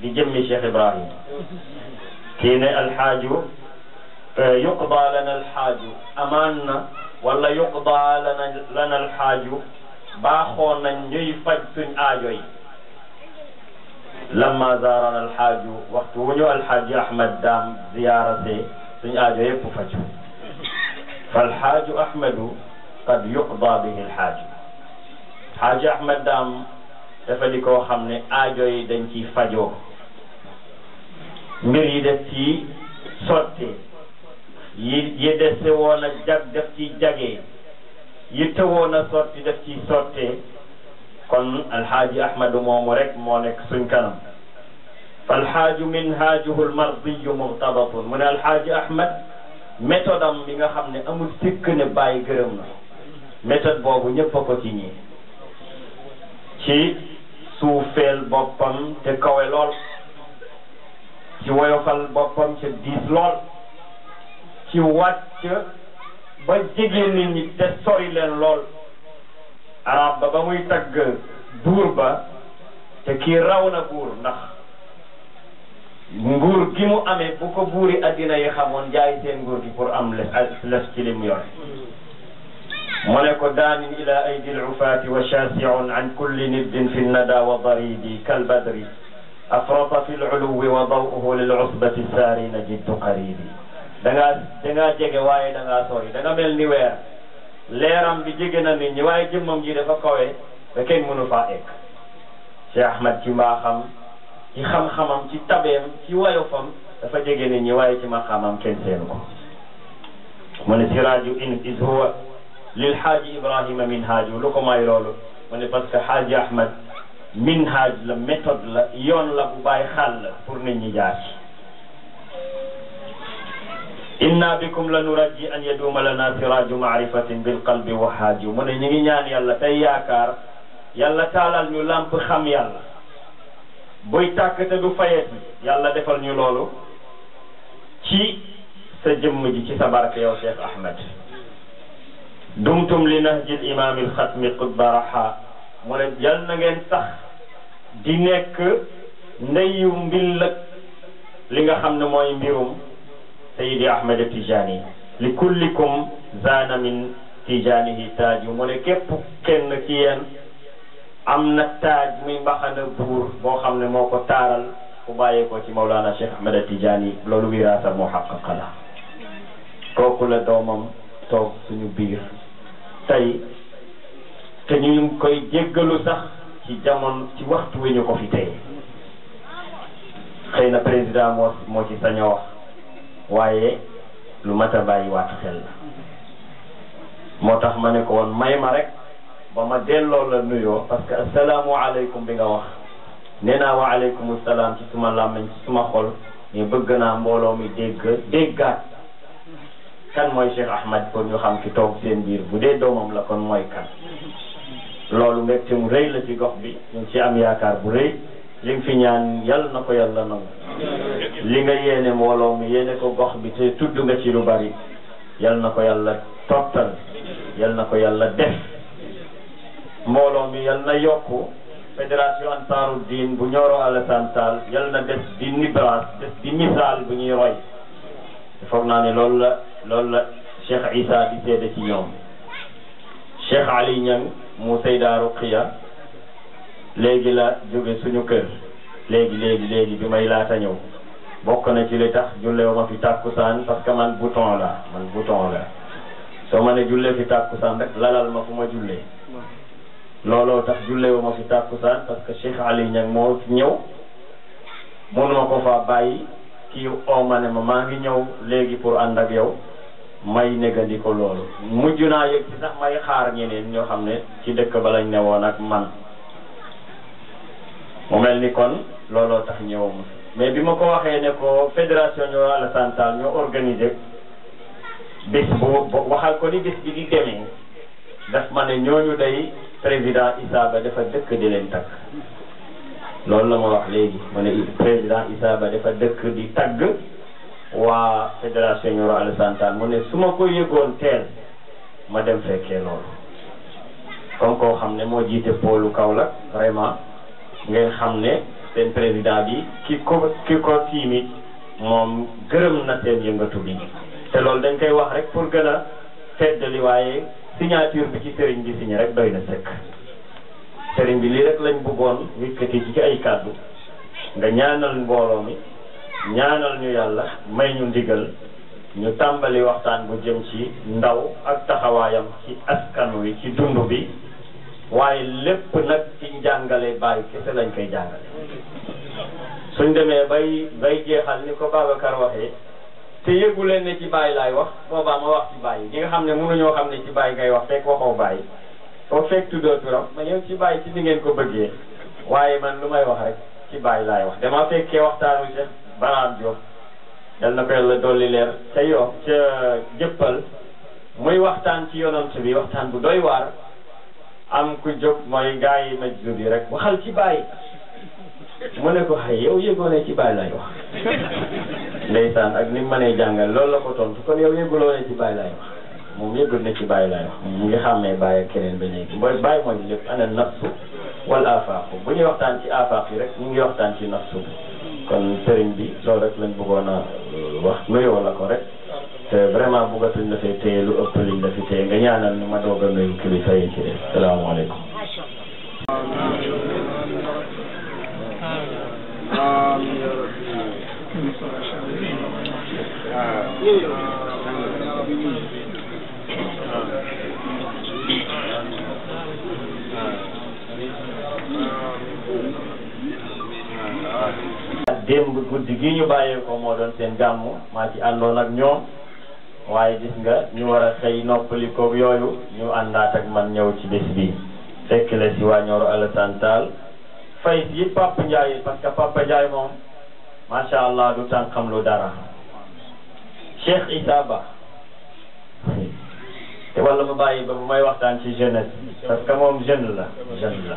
di jëmmi Cheikh Ibrahima kii ne al alxaaju yuqdaa lana alxaaju amaan na wala yuqdaa lana lana alxaaju baaxoon nañ ñuy faj suñ aajo yi lamma zaarana alxaaju waxtu wu ñu alxaaji Ahmed daam ziyaarate suñ aajo yëpp faju falxaaju Ahmedu qad yuqdaa bihi alxaaju xaaji Ahmed daam dafa di koo xam ne aajo yi dañ ci fajoo mbir yi def ci sotti yi yi dese woon a jag def ci jagee yi tëwoon a sotti def ci sottee kon alxaaji ahmadu moomu rek moo nekk suñ kanam falxaaju minhaajuhu almardiyu murtabatun mu ne alxaaji ahmad méthode am bi nga xam ne amul sikk ne bàyyi gërëm na méthode boobu ñëpp a ko ci ñii suufeel boppam te kawe lool ci woyofal boppam ca diis lool ci wàcc ba jege nit te sori leen lool arab ba ba muy tagg buur ba te kii raw na buur ndax nguur gi mu amee bu ko buuri addina yi xamoon jaay seen nguur gi pour am les les ci li mu ملك دان إلى أيدي العفاة وشاسع عن كل ند في الندى وضريد كالبدر أفرط في العلو وضوءه للعصبة الساري نجد قريبي دنگا دنگا جيگي واي دنگا سوري دنگا مل نيوير ليرام بي جيگي ناني نيواي جيمم جي دافا كوي بكين منو فا ايك شيخ احمد جي ما خام جي خام خامم جي تابيم جي وايو فام دافا جيگي ناني نيواي جي ما خامم كين سينو من سيراجو ان اذ هو lil xaaji Ibrahima minhaaj lu may loolu mu ne parce que xaaji Ahmad minhaaj la méthode la yoon la bu bàyyi xàll pour nit ñi jaar ci inna bikum la nuraji an yaduuma lana siraaju maarifatin bil qalbi wa xaaji mu ne ñu ngi ñaan yàlla tey yaakaar yàlla taalal ñu làmp xam yàlla buy ñu loolu ci sa jëmm ji ci Ahmed dumtum li nahjil imaamil xatmi qutba raha mu ne jal na ngeen sax di nekk ndeyu mbillëg li nga xam ne mooy mbirum sayidi ahmed tijani li kullikum zaana min tijanihi taaj mu ne képp kenn ci yéen am na taaj muy mbaxana buur boo xam ne moo ko taaral ku bàyyee ko ci Mawlana Cheikh Ahmed Tijani loolu wiraasa muhaqqaqa la kooku la doomam toog suñu biir tey te ñu koy jéggalu sax ci jamono ci waxtu wi ñu ko fi tey xëy na président moo moo ci sañ wax waaye lu mat a xel la moo tax ma ne ko woon may ma rek ba ma delloo la nuyoo parce que asalaamu aleykum bi nga wax nee naa wa aleykum salaam ci suma làmmiñ ci suma xol mais bëgg naa mbooloo mi dégg déggaat kan mooy Cheikh Ahmad kon ñu xam ci toog seen biir bu dee doomam la kon mooy kan loolu mbégte mu rëy la ci gox bi ñu ci am yaakaar bu rëy li fi ñaan yal na ko yàlla nangu li nga yéene mbooloo mi yéene ko gox bi te tudd nga ci lu bari yal na ko yàlla tottal yal na ko yàlla def mbooloo mi yal na yokku fédération Ansaaru Diin bu Nioro Alassane Tall yal na des di nibraas des bi misaal bu ñuy roy foog naa ne loolu la loolu la Cheikh Issa di seede ci ñoom Cheikh Ali Niang mu Seyda Ruqiya léegi la jóge suñu kër léegi léegi léegi bi may laata ñëw bokk na ci li tax jullewu ma fi tàkkusaan parce que man bouton la man bouton la soo ma ne julle fi tàkkusaan rek lalal ma fu ma julle looloo tax jullewu ma fi tàkkusaan parce que Cheikh Ali Niang moo ñëw mënuma ko faa bàyyi kii oo ma ne maa ngi ñëw léegi pour ànd ak yow may négandi ko loolu mujj naa yëg ci sax may xaar ñeneen ñoo xam ne ci dëkk ba lañ ne woon ak man mu mel ni kon looloo tax ñëwuma mais bi ma ko waxee ne ko fédération ñoo Alassane Tall ñoo organisé bis bu waxal ko ni bis bi di demee daf ma ne ñooñu day président Issa Ba dafa dëkk di leen takk loolu la ma wax léegi ma ne président Issa Ba dëkk di tagg waa fédération Nioro Alassane Tall mu ne su ma ko yëgoon teel ma dem fekkee loolu comme koo xam ne moo jiite kaw la vraiment ngeen xam ne seen président bi ki ko ki ko tiimit moom gërëm na seen yëngatu bi te loolu dañ koy wax rek pour gën a feddali waaye signature bi ci sëriñ bi signé rek doy na sëkk sëriñ bi lii rek lañ bëggoon yëkkati ci ay kàddu nga ñaanal mbooloo mi ñaanal ñu yàlla may ñu ndigal ñu tàmbali waxtaan bu jëm ci ndaw ak taxawaayam ci ak askan wi ci dund bi waaye lépp nag ci njàngale bàyyi kese lañ koy jàngale suñ demee bay bay jeexal ni ko Babacar waxee te yëgu leen ne ci bàyyi laay wax boobaa ma wax ci bàyyi ñi nga xam ne mënuñoo xam ne ci bàyyi ngay wax fekk waxoo bàyyi foo fekk tuddoo turam ma ñëw ci bàyyi ci ni ngeen ko bëggee waaye man lu may wax rek ci bàyyi laay wax dama fekkee waxtaanu Cheikh Baraam Diop yal na ko yàlla dolli leer ca yoo ca jëppal muy waxtaan ci yonant bi waxtaan bu doy waar am ku jóg mooy gaa yi majjur yi rek waxal ci bàyyi mu ne ko xëy yow yëgoo ci bàyyi lay wax ndeysaan ak ni mu mënee jàngal lool la ko tontu kon yow yëguloo ne ci bàyyi lay wax moom yëggoon na ci bàyyi mu ngi xàmmee bàyyi ak keneen ba léegi mooy bàyyi mooy ana nafsu wala afaaqu bu ñuy waxtaan ci afaaq yi rek ñu ngi waxtaan ci nafsu bi kon sëriñ bi loolu rek lañ bëggoon a euh, wax nuyoo la ko rek te vraiment bëggatuñ la fay téye lu ëpp liñ la fi ma doog a nuyu démb guddi gi ñu bàyyee ko moo doon seen gàmm maa ci àndoon ak ñoom waaye gis nga ñu war a xëy noppali koog yooyu ñu àndaat ak man ñëw ci bés bi fekk la si waa Nioro Alassane Tall fay si parce que Papa Ndiaye moom macha allah du tàn xam lu dara Cheikh Issa Ba te wala ma bàyyi ba bu may waxtaan ci jeunesse parce que moom jeune la jeune la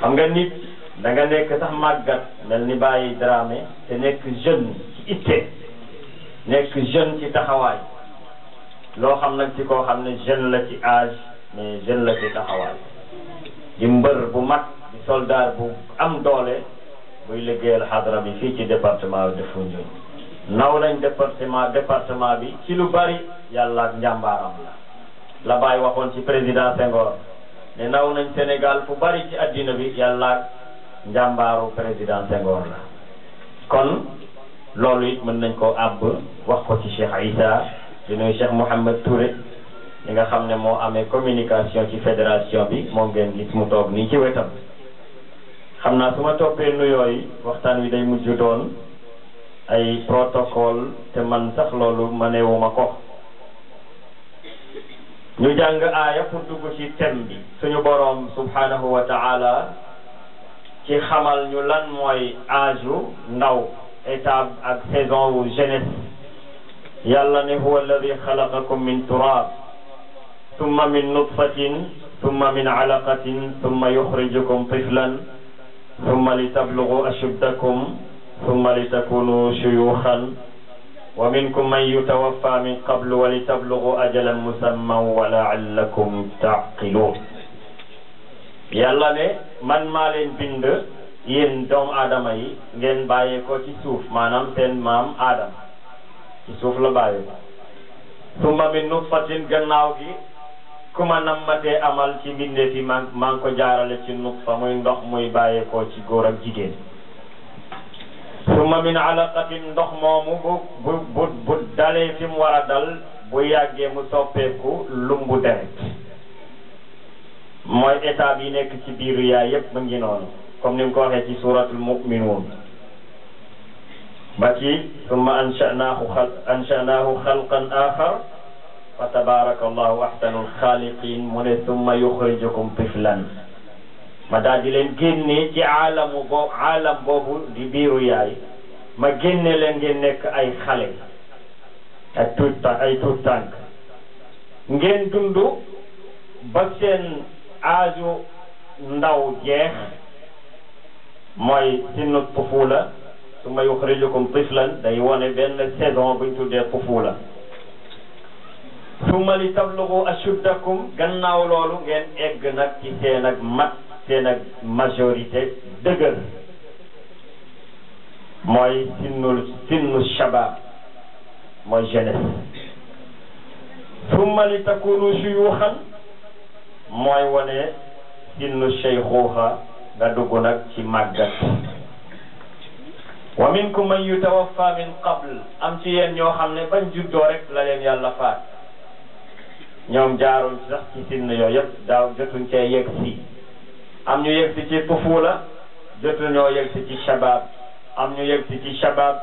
xam nga nit da nga nekk sax maggat mel ni bàyyi dramé te nekk jeune ci itte nekk jeune ci taxawaay loo xam nag ci koo xam ne jeune la ci âge mais jën la ci taxawaay di mbër bu mag di soldaar bu am doole buy liggéeyal xadra bi fii ci département de Foundiougne naw nañ département département bi ci lu bari yàlla ak njàmbaaram la la Baye waxoon ci président Senghor ne naw nañ Sénégal fu bari ci addina bi yàlla njàmbaaru président Senghor la kon loolu it mën nañ koo àbb wax ko ci Cheikh Issa di nuyu Cheikh Mouhamed Touré li nga xam ne moo amee communication ci fédération bi moom ngeen gis mu toog nii ci wetam xam naa su ma toppee nuyoo waxtaan wi day mujj doon ay protocole te man sax loolu mënewuma ko ñu jàng aaya pour dugg ci thème bi suñu boroom subhanahu wa ci xamal ñu lan mooy âge ndaw étape ak saison wu jeunesse yàlla ne huwa alladi xalaqakum min turab tumma min nutfatin tumma min alaqatin tumma yuxrijukum tiflan tumma litablugu ashuddakum tumma litakunu shuyuxan wa minkum man yutawaffa min qablu wa litablugu ajalan musamman wa laallakum taqilun yàlla ne man maa leen bind yéen doomu aadama yi ngeen bàyyee ci suuf maanaam seen maam aadama ci suuf la bàyyee ko summa min nutfatin gannaaw gi ku ma nammatee amal ci mbindeef yi man maa ngi ko jaarale ci nutfa muy ndox muy bàyyee ci góor ak jigéen summa min alaqatin ndox moomu bu bu bu bu dalee fi mu war a dal bu yàggee mu soppeeku lumbu deret mooy état bi nekk ci biiru yaay yépp mu ngi noonu comme ni mu ko waxee ci suuratul mu'minuun ba ci summa anshanaahu xal anshanaahu xalqan axar fa tabaraka allahu axsanul xaaliqin mu ne summa yuxrijukum tiflan ma daal di leen génne ci aalamu boobu aalam boobu di biiru yaay ma génne leen ngeen nekk ay xale ak tuut ay tuut tànk ngeen dund ba seen aaju ndaw jeex mooy sinnu pufula summa yuxrijukum tiflan day wone benn saison buñ tuddee pufula summa li tablugu ashuddakum gannaaw loolu ngeen egg nag ci seen ak mat seen ak majorité dëgër mooy sinnul sinnu shabab mooy jeunesse summa li takunu shuyuxan mooy wane sinnu sheyxuuxa nga dugg nag ci màggat wa minkum man yutawaffa min qabl am ci yéen ñoo xam ne bañ juddoo rek la leen yàlla faat ñoom jaaruñ sax ci sinn yooyu yëpp daaw jotuñ cee yegg am ñu yegg si ci tufuula jotuñoo yegg ci shabab am ñu yegg ci shabab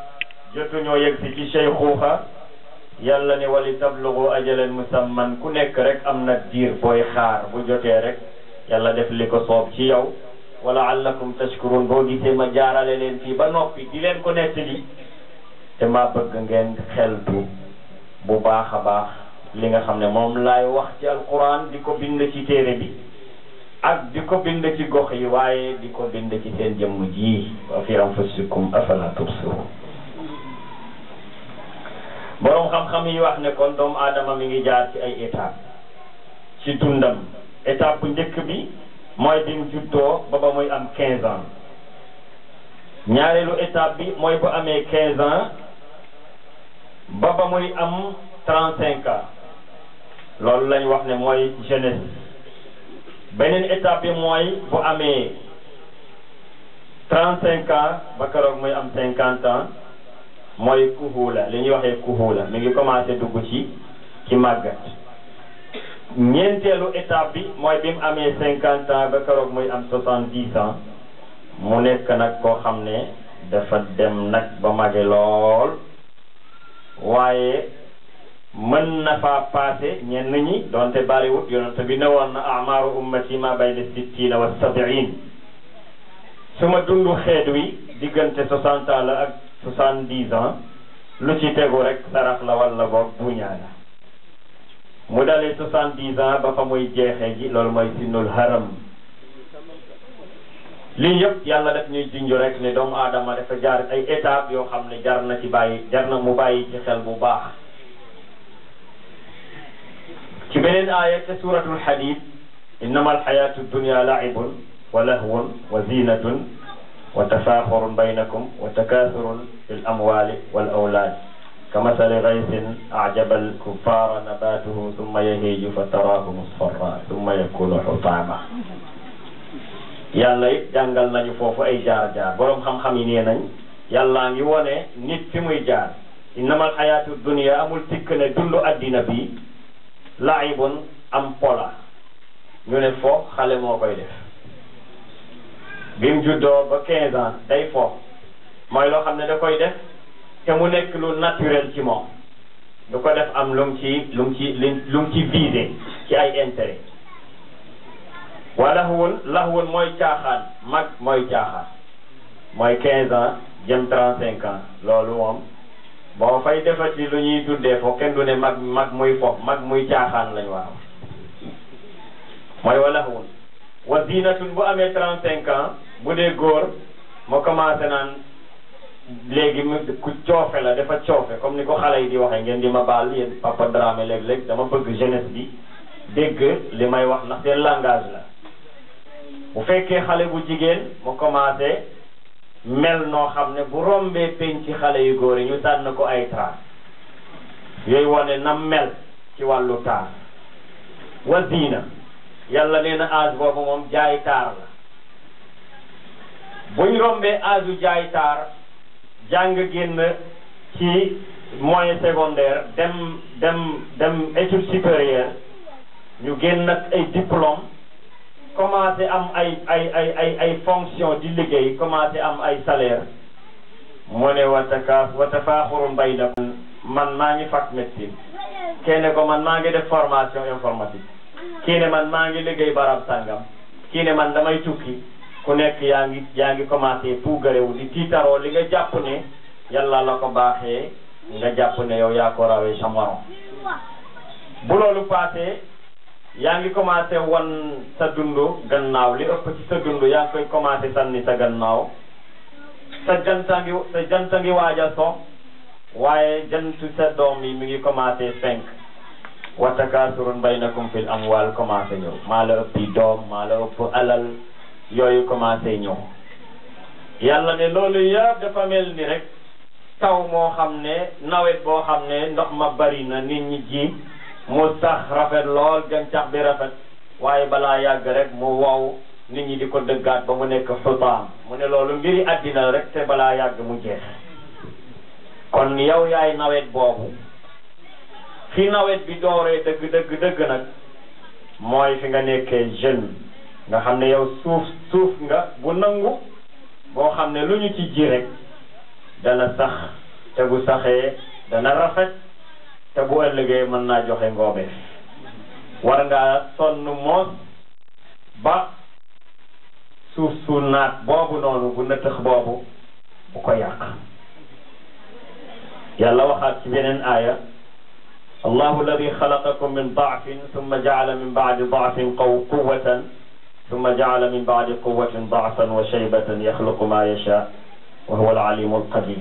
jotuñoo yegg ci sheyxuuxa yàlla ne wali tablugu ajalan musamman ku nek rek amna dir boy xaar bu joté rek yàlla def liko ko soob ci yow wala allakum tashkurun bo gisee ma jaarale len fi ba nopi di len ko nettali te ma bëgg ngeen xel bu bu a baax li nga xamne mom lay wax ci alquran diko bind ci téré bi ak diko bind ci gox yi waye diko bind ci seen jëm ji wa fi anfusikum afala tubsirun boroom xam-xam yi wax ne kon doomu aadama mi ngi jaar ci ay étape ci dundam étape bu njëkk bi mooy bi mu juddoo ba ba muy am 15 ans ñaareelu étape bi mooy bu amee quinze ans ba ba muy am 35 loolu lañ wax ne mooy jeunesse beneen étape bi mooy bu amee 35 ans ba keroog muy am cinquante ans. mooy la li ñuy waxee la mi ngi commencé dugg ci ci màggat ñeenteelu étape bi mooy bi mu amee cinquante ans ba keroog muy am soixante dix ans mu nekk nag koo xam ne dafa dem nag ba mage lool waaye mën na faa paase ñenn ñi doonte bariwut yonent bi na amaaru ummati ma bayna sittina wa sabiin su ma dund xeet wi diggante soixante ans la ak soixante-dix ans lu ci tegu rek sarax la walla boog buñaa la mu dalee soixante-dix ans ba fa muy jeexee ji loolu mooy sinnul haram lii yëpp yàlla def ñuy junj rek ne doomu aadama dafa jaar ay étape yoo xam ne jar na ci bàyyi jar na mu bàyyi ci xel bu baax ci beneen aaya ca suratul hadid innama alxayatu dunya laibun wa lahwun wa zinatun وتفاخر بينكم وتكاثر في الأموال والأولاد كمثل غيث أعجب الكفار نباته ثم يهيج فتراه مصفرا ثم يكون حطاما يلا جانغال نانيو فوفو اي جار جار بروم خام خامي ني نان يالا جار انما الحياه الدنيا امول تيك أدين بي لعيب ام بولا ني خالي موكاي bi mu juddoo ba 15 ans day fo mooy loo xam ne da koy def te mu nekk lu naturel ci moom lu ko def am lu mu ci lu mu ci lu mu ci visé ci ay intérêt wa laxwun laxwun mooy caaxaan mag mooy caaxaan mooy 15 ans jëm 35 ans loolu moom boo fay defati lu ñuy tuddee fo kenn du ne mag mag muy fo mag muy caaxaan lañu wax mooy wa laxwun wa ziinatun bu amee 35 bu dee góor ma commencé naan léegi ku coofe la dafa coofe comme ni ko xale yi di waxee ngeen di ma baal yéen papa Dramé léeg-léeg dama bëgg jeunesse bi dégg li may wax ndax seen langage la bu fekkee xale bu jigéen ma commencé mel noo xam ne bu rombee penc ci xale yu góor yi ñu tànn ko ay traas yooyu wane na mel ci wàllu taar wa ziina yàlla nee na âge boobu moom jaay taar la buñ rombee aju jaay taar jàng génn ci moyen secondaire dem dem dem étude supérieure ñu génn nag ay diplôme commencé am ay ay ay ay ay fonction di liggéey commencé am ay salaire mu ne watakaas watafaaxurun baynakum man maa ngi fac médecine kenn ko man maa ngi def formation informatique kii ne man maa ngi liggéey barab sàngam kii ne man damay tukki ku nekk yaa ngi yaa ngi commencé puugarewu di tiitaroo li nga jàpp ne yàlla la ko baaxee nga jàpp ne yow yaa ko rawee sa morom bu loolu paasee yaa ngi commencé wan sa dund gannaaw li ëpp ci sa dund yaa ngi koy commencé sànni sa gannaaw sa janta ngi sa janta ngi waaja so waaye jantu sa doom yi mi ngi commencé fenk wa takaasurun baynakum fil amwal commencé ñëw maa la ëppi doom maa la ëpp alal yooyu commencé ñëw yàlla ne loolu yëpp dafa mel ni rek taw moo xam ne nawet boo xam ne ndox ma bari na nit ñi ji mu sax rafet lool gàncax bi rafet waaye balaa yàgg rek mu wow nit ñi di ko dëggaat ba mu nekk xutaam mu ne loolu mbiri àddina rek te balaa yàgg mu jeex kon yow yaay nawet boobu fi nawet bi dooree dëgg dëgg dëgg nag mooy fi nga nekkee jeune nga xam ne yow suuf suuf nga bu nangu boo xam ne lu ñu ci ji rek dana sax te bu saxee dana rafet te bu ëllëgee mën naa joxe ngoobeef war ngaa sonn moos ba suuf su naat boobu noonu bu nëtëx boobu bu ko yàq yàlla waxaat ci beneen aaya allahu alladi xalaqakum min daafin summa jaala min baadi daafin qaw quwatan tuma jaala min baadi quwatin daafan wa shaybatan yaxluqu ma yasha wa huwa alalimu alqadir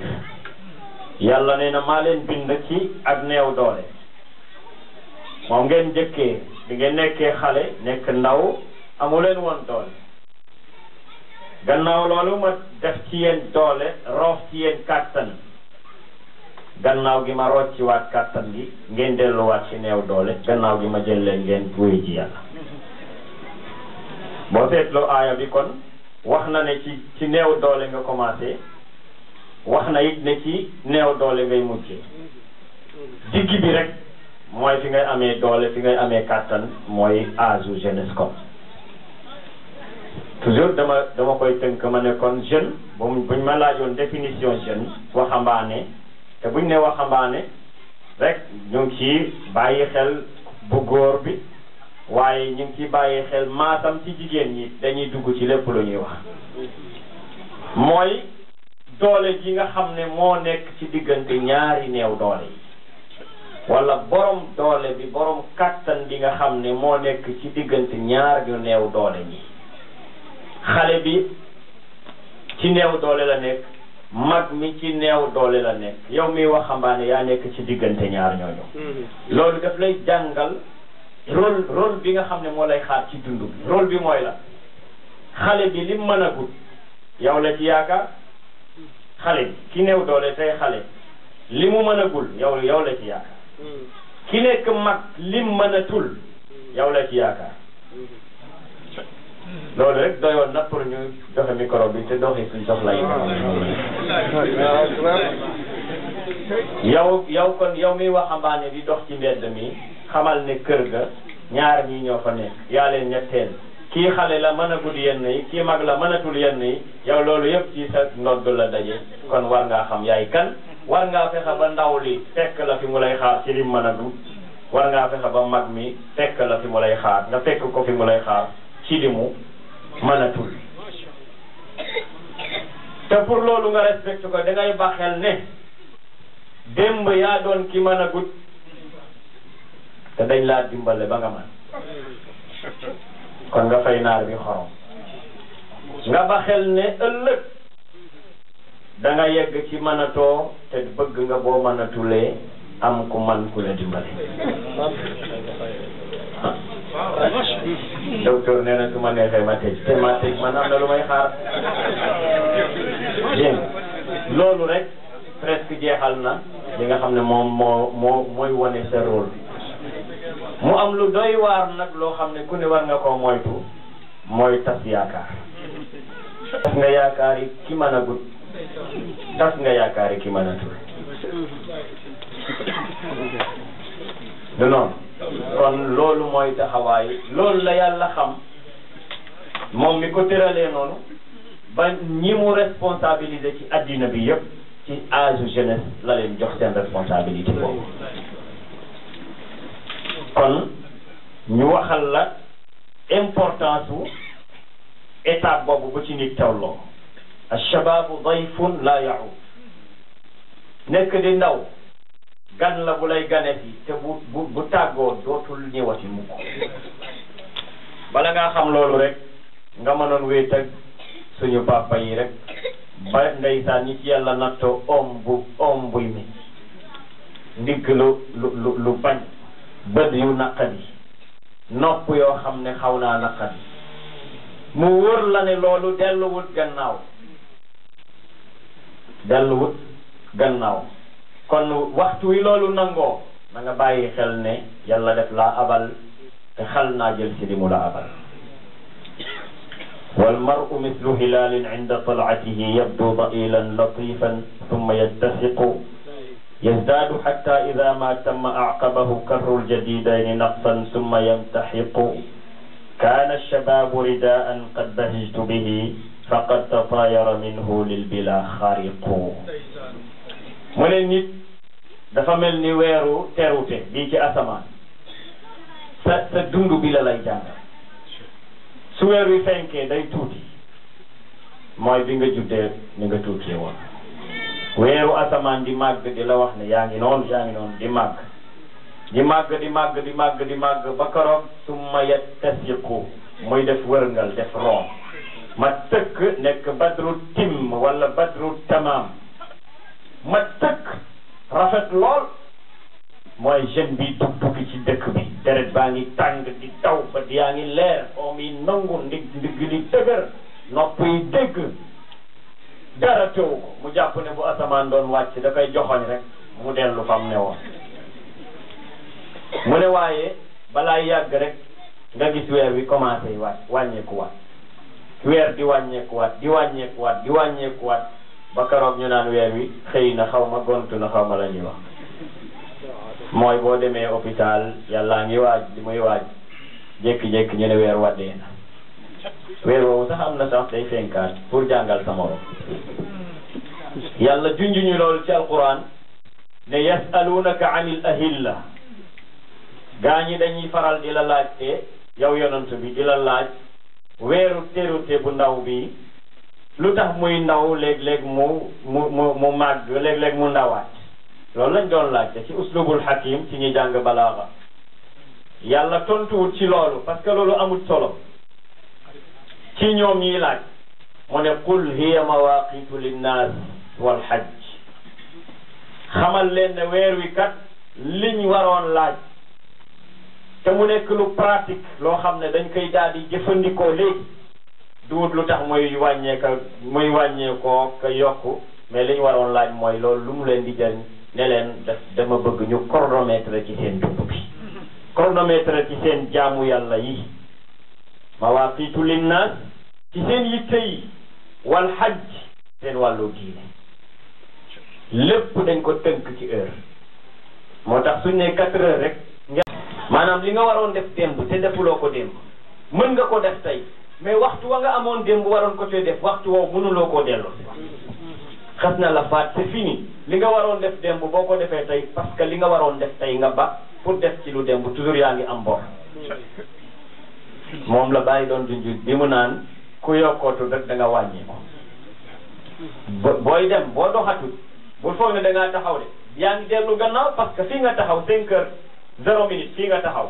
yàlla nee na maa leen bind ci ak néew doole moom ngeen jëkkee bi ngeen nekkee xale nekk ndaw amuleen woon doole gannaaw loolu ma def ci yéen doole roof ci yéen kàttan gannaaw gi ma rocci waat kàttan gi ngeen delluwaat ci néew doole gannaaw gi ma jële leen ngeen buy boo seetloo aaya bi kon wax na ne ci ci néew doole nga commencé wax na it ne ci néew doole ngay mujjee digg bi rek mooy fi ngay amee doole fi ngay amee kàttan mooy âge u jeunesse kon toujours dama dama koy tënk ma ne kon jeune buñ buñ ma laajoon définition jeune waxambaane te buñ ne waxambaane rek ñu ngi ci bàyyi xel bu góor bi waaye ñu ngi ci bàyyi xel maatam ci jigéen ñi dañuy dugg ci lépp lu ñuy wax mooy doole ji nga xam ne moo nekk ci diggante ñaari néew doole yi walla borom doole bi borom kàttan bi nga xam ne moo nekk ci diggante ñaar ñu néew doole ñi xale bi ci neew doole la nekk mag mi ci neew doole la nekk yow miy waxambaane yaa nekk ci diggante ñaar ñooñu mm-hmm. loolu daf lay jàngal rôle bi nga xam ne moo lay xaar ci dund bi bi mooy la xale bi lim mën a gudd yow la ci yaakaar xale bi ki néew doole tey xale li mu mën a gul yow yow la ci yaakaar ki mag lim mën tul yow la ci yaakaar loolu rek doyoon na pour ñu joxe micro bi te doxi suñ yow yow kon yow miy waxambaane di dox ci mbedd mi xamal ne kër ga ñaar ñii ñoo fa nekk yaa leen ñetteel kii xale la mën a gudd yenn yi kii mag la mënatul yenn yi yow loolu yëpp ci sa ndogg la daje kon war ngaa xam yaay kan war ngaa fexe ba ndaw li fekk la fi mu lay xaar ci lim mën a du war ngaa fexe ba mag mi fekk la fi mu lay xaar nga fekk ko fi mu lay xaar ci li mënatul te pour loolu nga respecté ko da ngay baxel ne démb yaa doon ki mën a gudd te dañ laa dimbale ba nga man kon nga fay naar bi xorom nga ba xel ne ëllëg da nga yegg ci mënatoo te bëgg nga boo mënatulee am ku man ku la dimbale docteur nee su ma neexee ma man am na lu may xaar jéem loolu rek presque jeexal na li nga xam ne moom moo moo mooy wane sa rôle bi mu am lu doy waar nag loo xam ne ku ne war nga koo moytu mooy tas yaakaar tas nga yaakaar yi ki mën a gut tas nga yaakaar ki mën a tur du kon loolu mooy taxawaay loolu la yàlla xam moom mi ko tëralee noonu ba ñi mu responsabilisé ci addina bi yëpp ci âge jeunesse la leen jox seen responsabilité boobu kon ñu waxal la importance wu étape boobu bu ci nit tawloo alshababu dayfun la yaud nekk di ndaw gan la bu lay ganet yi te bu bu bu tàggoo dootul ñëwati mukk bala ngaa xam loolu rek nga mënoon wéet ak suñu papa yi rek ba ndeysaan ñi ci yàlla nattoo om bu om buy mi ndigg lu lu lu bañ bët yu naqadi nopp yoo xam ne xaw naa naqadi mu wóor la ne loolu delluwut gannaaw delluwut gannaaw kon waxtu wi loolu nangoo na nga bàyyi xel ne yàlla def laa abal te xal naa jël si li mu la abal والمرء مثل هلال عند طلعته يبدو ضئيلا لطيفا ثم يتسق يزداد حتى إذا ما تم أعقبه كر الجديدين نقصا ثم يمتحق كان الشباب رداء قد بهجت به فقد تطاير منه للبلا خارق mu ne nit dafa mel ni weeru teerute bii ci asamaan sa sa dund bi la lay jàngal su weer wi fenkee day tuuti mooy bi nga juddee ni nga tuutee woon weeru atamaan di màgg di la wax ne yaa ngi noonu yaa ngi noonu di màgg di màgg di màgg di màgg di màgg ba keroog summa yattasiqu muy def wërngal def room ma tëkk nekk badru tim wala badru tamaam ma tëkk rafet lool mooy jeune bi dug duggi ci dëkk bi deret baa ngi tàng di daw ba yaa ngi leer oom yi nangu ndig ndig li dëgër nopp yi dégg dara teewu ko mu jàpp ne bu asamaan doon wàcc dafay joxoñ rek mu dellu fam ne woon mu ne waaye balaa yàgg rek nga gis weer wi commencé yi wàcc wàññeekuwaat weer di wàññeekuwaat di wàññeekuwaat di wàññeekuwaat ba keroog ñu naan weer wi xëy na xaw ma gontu na xaw ma la ñuy wax mooy boo demee hôpital yàllaa ngi waaj li muy waaj jékki-jékki ñu ne weer weer woowu sax am na sax day fenkaat pour jàngal sa morom yàlla junj ñu loolu ci alquran ne yasalunaka anil ahilla gaa ñi dañuy faral di la laajte yow yonant bi di la laaj weeru terute bu ndaw bi lu tax muy ndaw léeg-léeg mu mu mu mu màgg léeg mu ndawaat loolu lañ doon laajte ci uslubul hakim ci ñi jàng balaaxa yàlla tontuwut ci loolu parce que loolu amul solo ci ñoom ñii laaj mu ne qul hiya mawaqitu linnas wal xamal leen ne weer wi kat liñ waroon laaj te mu nekk lu pratique loo xam ne dañ koy daal di jëfandikoo léegi duut lu tax muy wàññeeka muy wàññeekoo yokk yokku mais liñ waroon laaj mooy loolu lu mu leen di jëriñ ne leen daf dama bëgg ñu chronomètre ci seen dund bi chronomètre ci seen jaamu yàlla yi mawaaqiitu linnaas ci seen yitte yi wal xaj seen wàllu diine lépp dañ ko tënk ci heure moo tax suñ ne quatre heures rek maanaam li nga waroon def démb te defuloo ko démb mën nga ko def tey mais waxtu wa nga amoon démb waroon ko cee def waxtu woowu mënuloo koo delloo xas na la faat fii fini li nga waroon def démb boo ko defee tey parce que li nga waroon def tey nga ba pour def ci lu démb toujours yaa ngi am bor moom la bàyyi doon junj bi mu naan ku yokkootu rek da nga wàññi ko booy dem boo doxatul bul foog ne da ngaa taxaw de yaa ngi dellu gannaaw parce que fii nga taxaw cinq heures zéro minute fii nga taxaw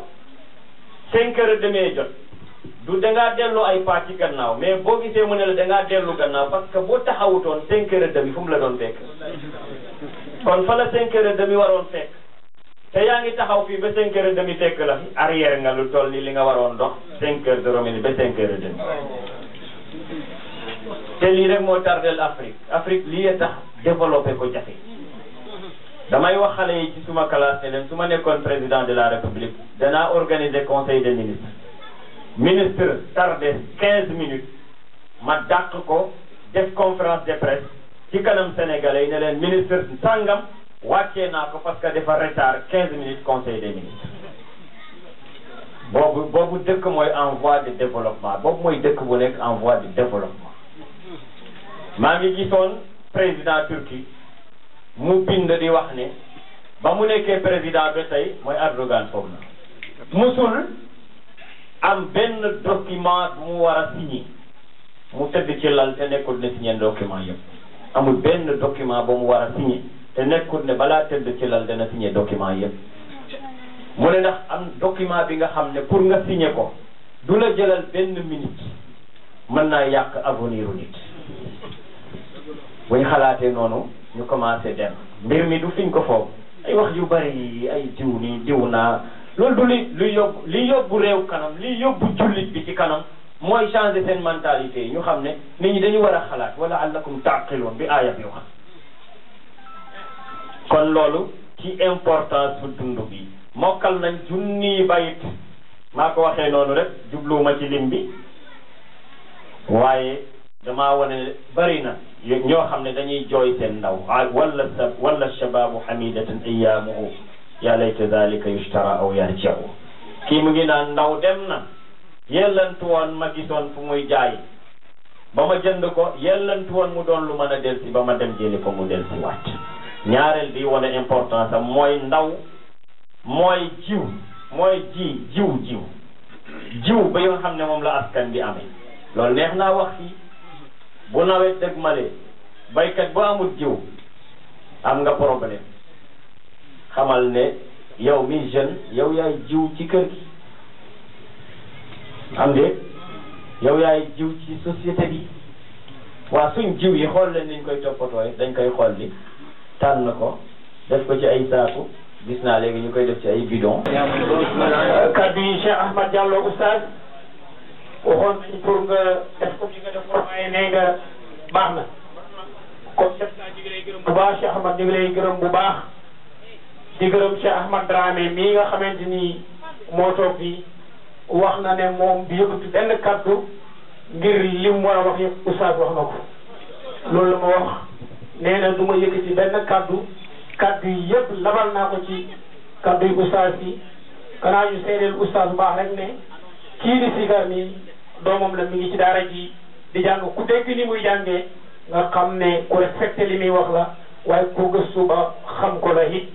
cinq heures demee jot du da ngaa dellu ay pas ci gannaaw mais boo gisee mu ne la da ngaa dellu gannaaw parce que boo taxawutoon cinq heures demi fu mu la doon fekk kon fa la cinq heures demi waroon fekk te yaa ngi taxaw fii ba cinq heures demi fekk la arrière nga lu toll ni li nga waroon dox cinq heures zéro minute ba cinq te lii rek moo tardel Afrique Afrique lii tax développé ko jafe damay wax xale yi ci suma classe ne leen su ma nekkoon président de la république danaa organiser conseil des ministres ministre tardé quinze minutes ma dàq ko def conférence de presse ci kanam sénégalais yi ne leen ministre sàngam wàccee naa ko parce que dafa retard quinze minutes conseil des ministres boobu boobu dëkk mooy en voie de développement boobu mooy dëkk bu nekk en voie de développement maa ngi gisoon président Turquie mu bind di wax ni ba mu nekkee président ba tey mooy Erdogan foofu na musul am benn document bu mu war a signé mu tëdd ci lal te nekkul ne signé document yëpp amul benn document ba mu war a te nekkul ne balaa tëdd ci lal dana signé document yëpp mu ne ndax am document bi nga xam ne pour nga signé ko du la jëlal benn minute mën naa yàq avenir u nit buñ xalaatee noonu ñu commencé dem mbir mi du fiñ ko foofu ay wax yu bari yi ay diw nii diw naa loolu du li lu yóbbu li yóbbu réew kanam li yóbbu jullit bi ci kanam mooy changer seen mentalité yi ñu xam ne nit ñi dañu war a xalaat wala allakum taaqiloon bi aaya bi wax kon loolu ci importance su dund bi mokkal nañ junniy bayit maa ko waxee noonu rek jubluwuma ci lim bi waaye damaa wane bari na ñoo xam ne dañuy jooy seen ndaw ah, wala sa wala shababu hamidatan ayaamuhu ya layta dalika yushtara aw yarjiu kii mu ngi naan ndaw dem na yellantu woon ma gisoon fu muy jaay ba ma jënd ko yellantu woon mu doon lu mën a delsi ba ma dem jëli ko mu delsi waat ñaareel bi wane importance am mooy ndaw mooy jiw mooy ji jiw jiw jiw ba yoo xam ne moom la askan bi amee loolu neex naa wax fii bu nawet dëgg malee baykat bu amul jiw am nga problème xamal ne yow mi jeune yow yaay jiw ci kër gi am de yow yaay jiw ci société bi waa suñ jiw yi xool leen dañ koy toppatooy dañ koy xool li tànn ko def ko ci ay saaku gis naa léegi ñu koy def ci ay bidon Ahmad Diallo oustaz waxoon nañu pour nga nga def ko waaye nee nga baax na kon def naa ñu ngi lay gërëm bu baax Ahmad ñu ngi lay gërëm bu di gërëm Cheikh Ahmad Dramé mii nga xamante ni moo toog wax na ne moom bi yëkkati benn kaddu ngir li mu wax yëpp oustaz wax na ko loolu la na du ma yëkkati benn kaddu kaddu yi yëpp labal naa ko ci kaddu yi yi kanaa ñu seedeel ustaas bu baax rek ne kii di sigar nii doomam la mi ngi ci daara ji di jàng ku dégg ni muy jàngee nga xam ne ku respecté li muy wax la waaye ku gëstu ba xam ko la it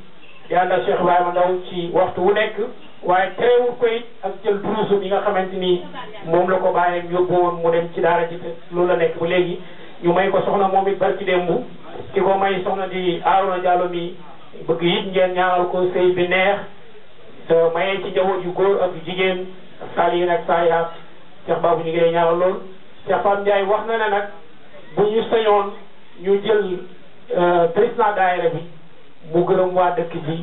yàlla Cheikh Ibrahima Ndaw ci waxtu wu nekk waaye terewul ko ak jël durusu bi nga xamante ni moom la ko bàyyeem yóbbu woon mu dem ci daara ji te loolu la nekk ba léegi ñu may ko soxna moom it barki démb ki ko may soxna di Arouna Diallo mi bëgg it ngeen ñaanal ko sëy bi neex te mayee ci njaboot yu góor ak jigéen saalihiin ak saalihaat Cheikh Babou ñu ngi lay ñaanal lool Cheikh Pape wax na ne nag bu ñu sañoon ñu jël euh, président daayira bi mu gërëm waa dëkk bi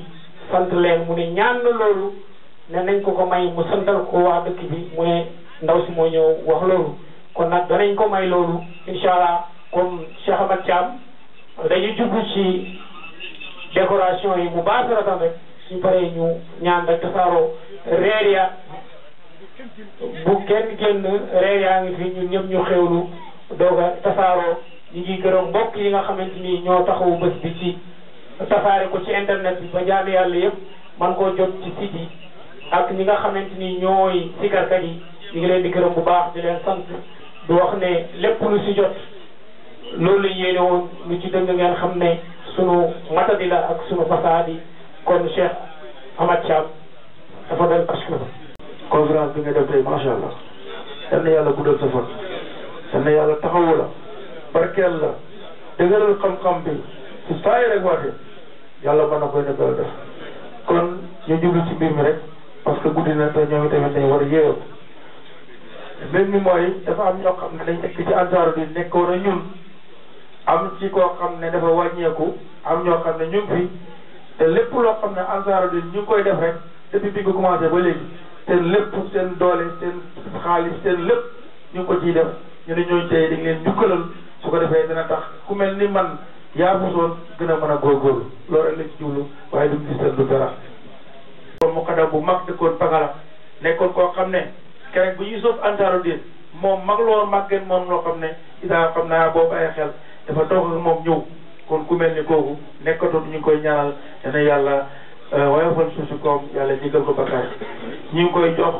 sant leen mu ne ñaan loolu ne nañ ko ko may mu santal ko waa dëkk bi mu ne ndaw si moo ñëw wax loolu kon nag danañ ko may loolu incha comme Cheikh Ahmad dañu jublu ci décoration yi bu baax rek suñ paree ñu ñaan rek tasaaroo reer ya bu kenn génn reer yaa ngi fi ñun ñëpp ñu xewlu doog a tasaaroo ñu ngi gërëm mbokk yi nga xamante ni ñoo taxawu bés bi ci tasaare ko ci internet bi ba jaami yàlla yëpp man koo jot ci site yi ak ñi nga xamante ni ñooy sikarkat yi ñu ngi leen di gërëm bu baax di leen sant du wax ne lépp lu si jot loolu la yéene woon ci dëng ngeen xam ne sunu matadi la ak sunu fasaadi kon Cheikh Ahmad Thiam dafa doon askan conférence bi nga def tey macha allah yal na yàlla guddal sa fan yal na yàlla taxawu la barkeel la dëgëral xam-xam bi su saay yàlla mën na koy ci mbir mi rek na dañ war a yeewu mbir mi mooy dafa am ñoo xam ne dañ nekk ci ansaar bi am ci koo xam ne dafa wàññeeku am ñoo xam ne ñu ngi te lépp loo xam ne Ansaarud-Din ñu koy def rek depuis bi nga commencé ba léegi seen lépp seen doole seen xaalis seen lépp ñu ngi ko ciy def ñu ne ñooñu tey dañ leen njukkalal su ko defee dina tax ku mel ni man yaa mosoon gën a mën a góorgóorlu loolu rek lañ ci jublu waaye du gis seen du dara. kon muqaddam bu mag dëkkoon Pangala nekkoon koo xam ne keroog bu Yuusuf Ansaarud-Din moom mag loolu màggeen moom loo xam ne itam xam naa boo bàyyi xel. dafa toog ak moom ñëw kon ku mel ni kooku nekkatul ñu ngi koy ñaanal dana yàlla euh, woyofal suuf si koom yàlla jéggal ko bakkaar ñu ngi koy jox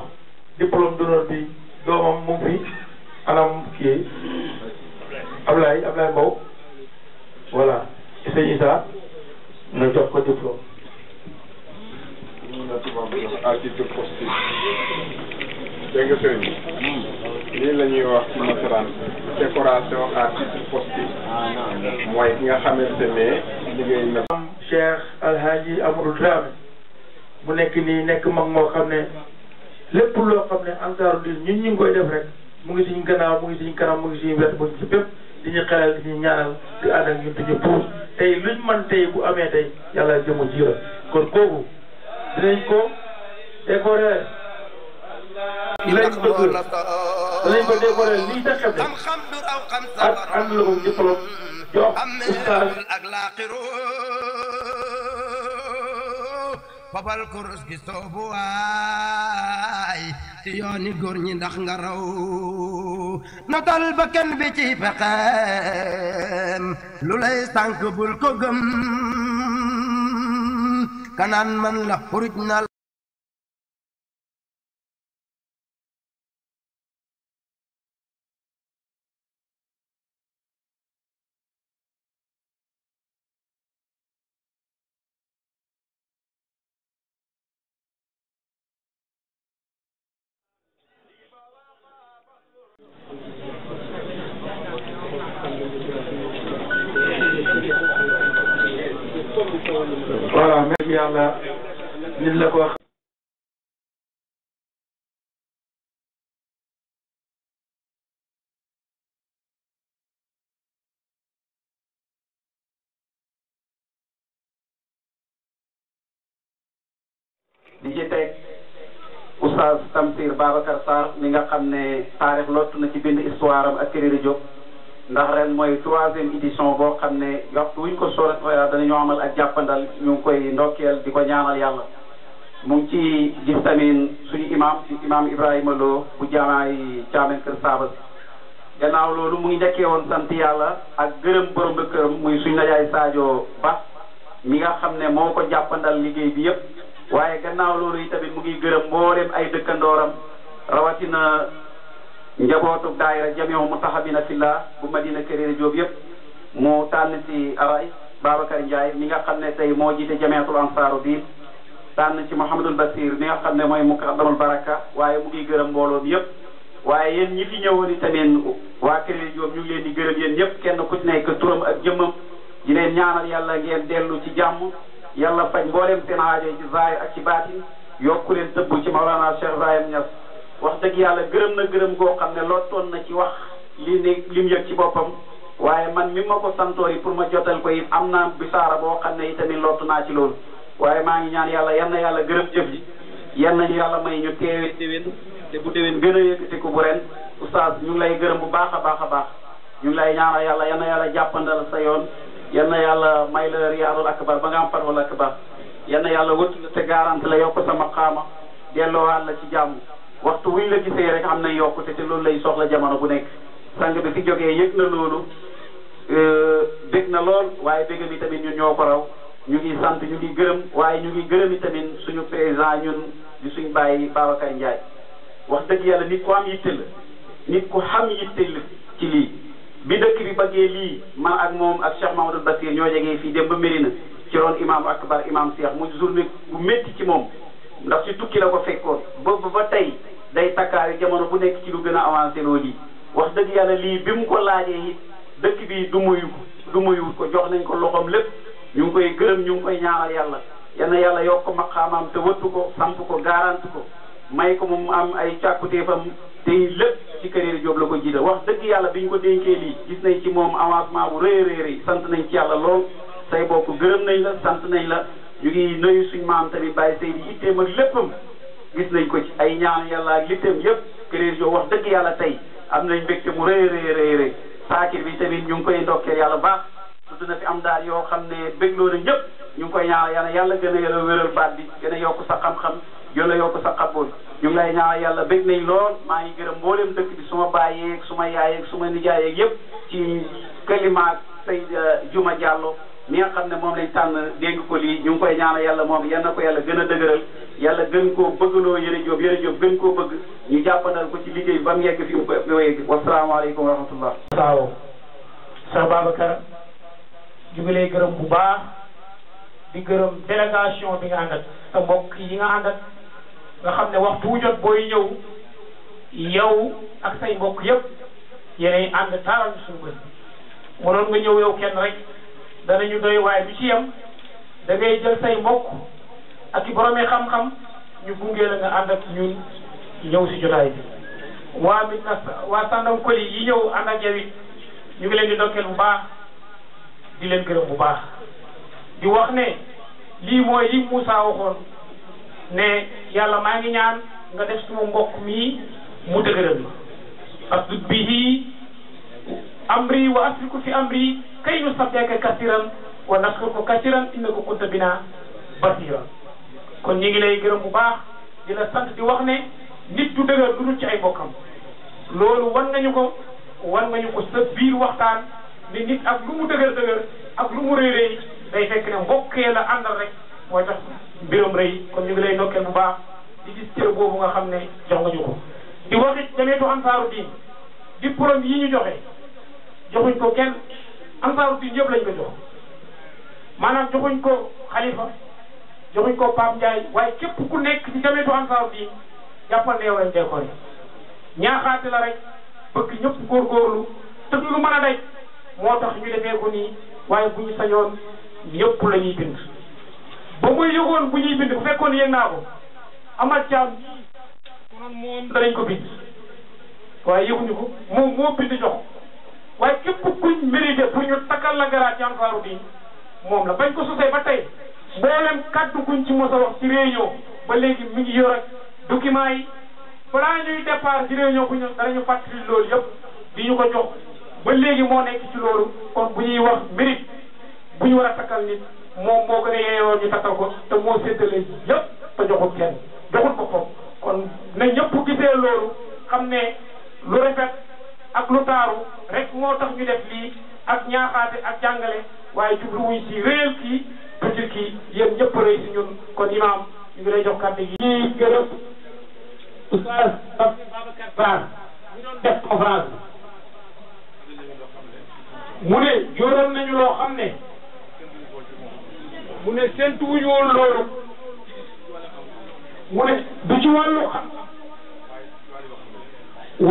diplôme d'honneur bi doomam mu ngi fi anam kii Ablaye Ablaye Mbow voilà sëñ Issa na jox ko diplôme na tubaab article posthume lii la ñuy wax ci nasaraan décoration artiste postiste mooy ki nga xamante ne liggéey na am Cheikh Alhaji Amadou Dramé mu nekk ni nekk mag moo xam ne lépp loo xam ne Ansaarud Din ñun ñu ngi koy def rek mu ngi suñu gannaaw mu ngi suñu kanam mu ngi suñu wet mu ngi si bépp ñu xelal ñu ñaanal di ànd ak ñun di ñu puus tey luñ bu amee tey yàlla jëmu jiira kon kooku dinañ ko décorer lañ bëgg danañ ko décorer lii ca xew ak ànd la ko diplôme jox ustaas fabal kurus gi soobu waay ci yooni góor ñi nga raw notal ba kenn bi ci pexeem lu lay sànk bul ko gëm kanaan man la xuruj na di ci teg oustaz Tamsir Babacar Sarr mi nga xam ne taarix lot na ci bind histoire am ak Kérédi Diop ndax ren mooy troisième édition boo xam ne waxtu wuñ ko sore danañu amal ak jàppandal ñu ngi koy ndokkeel di ko ñaanal yàlla mu ngi ci gis tamit suñu imam di imam Ibrahima Lo bu jaamaay Thiamène Kër Saaba gannaaw loolu mu ngi njëkkee woon sant yàlla ak gërëm borom dëkkëram muy suñu najaay Sadio Ba mi nga xam ne moo ko jàppandal liggéey bi yëpp waaye gannaaw loolu yi tamit mu ngi gërëm mboolem ay dëkkandooram rawatina njabootu daayira mu mutahabina fillah bu madina Kéréré Diop yëpp mu tànn ci aray Babacar njaay mi nga xam ne tey moo jiite jamiatul ansaaru diin tànn ci Mouhamadul Basir mi nga xam ne mooy muqaddamul baraka waaye mu ngi gërëm mbooloom yëpp waaye yéen ñi fi ñëwoon tamit waa Kéréré ñu leen di gërëm yéen ñëpp kenn ku ci nekk turam ak jëmmam di leen ñaanal yàlla ngeen dellu ci jàmm yàlla faj mboolem seen aajo ci zaay ak ci baatin yokku leen dëbb ci Maolana Cheikh Ibrahim Niass wax dëgg yàlla gërëm na gërëm goo xam ne lottoon na ci wax lii li ne lim yëg ci boppam waaye man mi ma ko santoo yi pour ma jotal ko it am naa bisaara boo xam ne itamit lottu naa ci loolu waaye maa ngi ñaan yàlla yan na yàlla gërëm jëf yi yan nañu yàlla may ñu teewe déwén te bu déwén gën a ko bu ren oustaz ñu lay gërëm bu baax a baax a baax ñu ngi lay ñaanal yàlla yan na yàlla jàppandal sa yoon yal na yàlla may la riyaadul akbar ba nga am farwal akbar yal na yàlla wëttu la te garante la yokk sa maqaama delloowaat la ci jàmm waxtu wuñ la gisee rek am na yokkute te loolu lay soxla jamono bu nekk sang bi fi jogee yëg na loolu euh, bég na lool waaye bégam yi tamit ñu ñoo ko ñu ngi sant ñu ngi gërëm waaye ñu ngi gërëm yi tamit suñu président ñun di suñ bàyyi Babacar Ndiaye wax dëgg yàlla nit ku am yitte la nit ku xam yitte la ci lii bi dëkk bi bëggee lii man ak moom ak Cheikh Mamadou Bassir ñoo jegee fii dem ba Mérina ci roon imam akbar imam Cheikh mu journée mu métti ci moom ndax ci tukki la ko fekkoon boobu ba tey day takkaari jamono bu nekk ci lu gën a avancé loo lii wax dëgg yàlla lii bi mu ko laajee it dëkk bi du muyu du muyu ko jox nañ ko loxoom lépp ñu ngi koy gërëm ñu ngi koy ñaanal yàlla yal na yàlla yokk ko maqaamaam te wëttu ko samp ko garanti ko may ko mu am ay càkkuteefam te lépp ci Kairé Diop la ko jiital wax dëgg yàlla bi ñu ko dénkee lii gis nañ ci moom avancement bu rëy rëy rëy sant nañ ci yàlla lool say bokk gërëm nañ la sant nañ la ñu ngi nuyu suñ maam tamit bàyyi say di itteem ak léppam gis nañ ko ci ay ñaan yàlla ak itteem yëpp Kairé Diop wax dëgg yàlla tey am nañ mbégte mu rëy rëy rëy rëy saakir bi tamit ñu ngi koy ndokkeel yàlla baax tudd na fi am daal yoo xam ne bégloo na ñëpp ñu ngi koy ñaan yaa yàlla gën a yàlla wéral baat gën a yokk sa xam yàlla yokk sa xabul ñu ngi lay ñaanal yàlla bég nañ lool maa ngi gërëm mboolem dëkk bi suma baay yeeg suma yaay yeeg suma nijaay yeeg yëpp ci kalimaak say euh, Juma Diallo mi nga xam ne moom lañ tànn dégg ko lii ñu ngi koy yàlla moom yal na ko yàlla gën a dëgëral yàlla gën koo bëggloo Yëri Jóob Yëri Jóob gën koo bëgg ñu jàppandal ko ci liggéey ba mu yegg fi mu ko yegg wasalaamaaleykum wa rahmatullah. Saaw sa Babacar ñu ngi lay gërëm bu baax di gërëm délégation bi nga ànd ak sa nga xam ne waxtu wu jot booy ñëw yow ak say mbokk yëpp yéenay ànd taaral suñu bët mënoon nga ñëw yow kenn rek ñu doy waaye bi ci yem da ngay jël say mbokk ak i boromee xam-xam ñu gunge la nga ànd ak ñun ñëw si jotaay bi. waa mit na waa Sàndam Koli yi ñëw ànd ak yow ñu ngi leen di ndokkeel bu baax di leen gërëm bu baax di wax ne lii mooy li Moussa ne yàlla maa ngi ñaan nga def suma mbokk mii mu dëgëral ma asdud bihi amri wa asriku fi amri kay nu sabbeka kasiran wa naskuruka kasiran innaka kunta bina basira kon ñu ngi lay gërëm bu baax di la sant di wax ne nit du dëgër du dul ci ay bokkam loolu wan nañu ko wan nañu ko sa biir waxtaan ni nit ak lu mu dëgër dëgër ak lu mu réy réy day fekk ne mbokkee la àndal rek mooy tax biram rëy kon ñu ngi lay ndokkeel bu baax di gis cër boobu nga xam ne jox nga ñu ko di waxit jameetu ansaaru diin diplôme yi ñu joxe joxuñ ko kenn ansaaru diin yëpp lañ ko jox maanaam joxuñ ko xalifa joxuñ ko Pape Ndiaye waaye képp ku nekk ci jameetu ansaaru diin jàppal ne yow lañ décoré ñaaxaate la rek bëgg ñëpp góorgóorlu te lu mën a daj moo tax ñu defee ko nii waaye bu ñu sañoon la ñuy bind ba muy yëgoon bu ñuy bind bu fekkoon yëg naa ko Amath Thiam konoon moom danañ ko bind waaye yëguñu ko moom moo bind jox waaye képp kuñ mérité pour ñu takkal la garaat ci Ansaru Diin moom la bañ ko sosee ba tey mboolem kaddu guñ ci mos a wax ci réunion ba léegi mi ngi yor ak document yi balaa ñuy départ ci réunion bu ñu danañu fàttali loolu yëpp di ñu ko jox ba léegi moo nekk ci loolu kon bu ñuy wax mérite bu ñu war a takkal nit moom moo ko ne yeeyoo ñu takkal ko te moo séddale yëpp te joxul kenn joxul boppam kon na loolu xam ne lu ak lu taaru rek moo tax ñu def lii ak ñaaxaate ak jàngale waaye jubluwuñ si réel kii si ñun kon imaam ñu ngi lay jox kàddu gi. ñuy gërëm oustaz Babacar mu ne yoroon nañu ne. mu ne séntu wuñu woon loolu mu ne du ci wàllu xam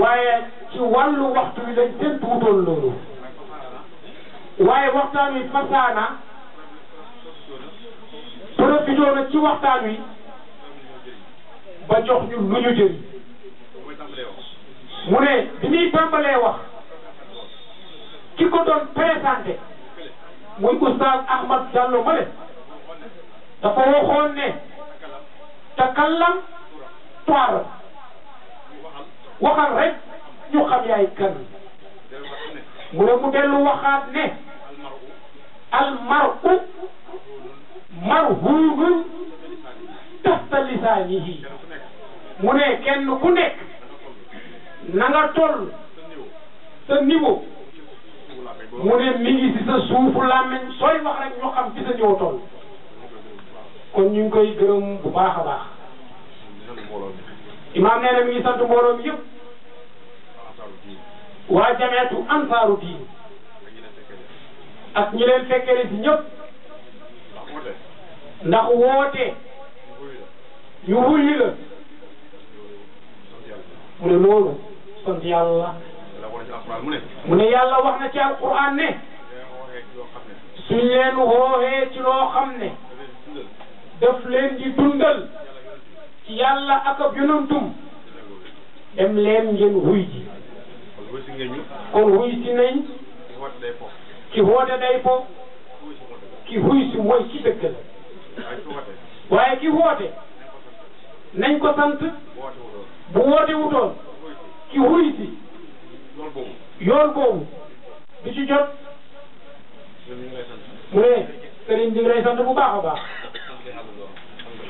waaye ci wàllu waxtu wi lañ séntu wutoon loolu waaye waxtaan wi fasaana profitoo na ci waxtaan wi ba jox ñu lu ñu jëriñ mu ne bi ñuy tàmbalee wax ki ko doon présenté muy oustaz Ahmad Diallo ma ne dafa waxoon ne takallam tuaram waxal rek ñu xam yaay kan mu ne mu dellu waxaat ne almaru marhuunun tahta lisaanihi mu ne kenn ku nekk na nga toll sa mu ne mi si sa suufu làmmiñ sooy wax rek ñu xam ci sa niveau toll kon ñu ngi koy gërëm bu baax a baax imaam nee na mi ngi sant mbooloo mi yëpp waa jameetu ansaaru diin ak ñi leen fekkee si ñëpp ndax woote ñu wulli la mu ne loolu sant yàlla mu ne yàlla wax na ci alquran ne suñ leen wooxee ci loo xam ne daf leen di dundal ci yàlla ak ab yonantum dem leen ngeen wuy kon wuy si nañ ki woote day fo ki wuy si mooy ci dëgg la waaye ki woote ko sant bu woote wutoon ki wuy si yoon boobu du ci jot mu ne bu baax a baax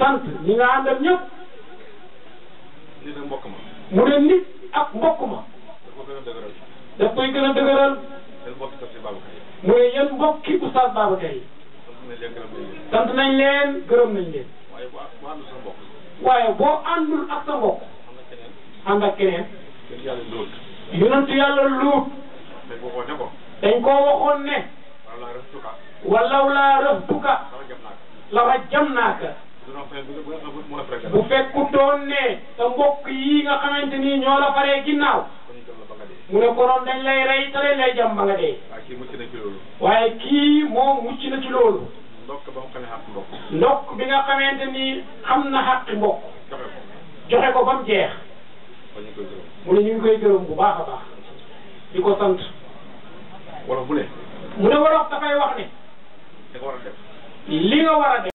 sant ñi nga àndal ñëpp. nit ak mbokk ma. mu ne nit ak mbokk koy gën a dëgëral. mu ne yéen mbokki Oustaz Babacar sant nañ leen gërëm nañ leen. waaye boo àndul ak sa mbokk. ànd ak keneen. yonentu yàlla luut. dañ koo waxoon ne. walaw laa raftuka. la rajamnaaka. bu fekkutoon ne sa mbokk yi nga xamante ni ñoo la faree ginnaaw mu ne konoon dañ lay rey te dañ lay jam ba nga dee. waaye kii mucc na ci loolu. waaye kii moom mucc na ci bi nga xamante ni xam na xàq mbokk. joxe ko ba mu jeex. mu ne ñu ngi koy gërëm bu baax a baax. di ko sant. wala bu ne. mu ne wolof wax ne. war a def.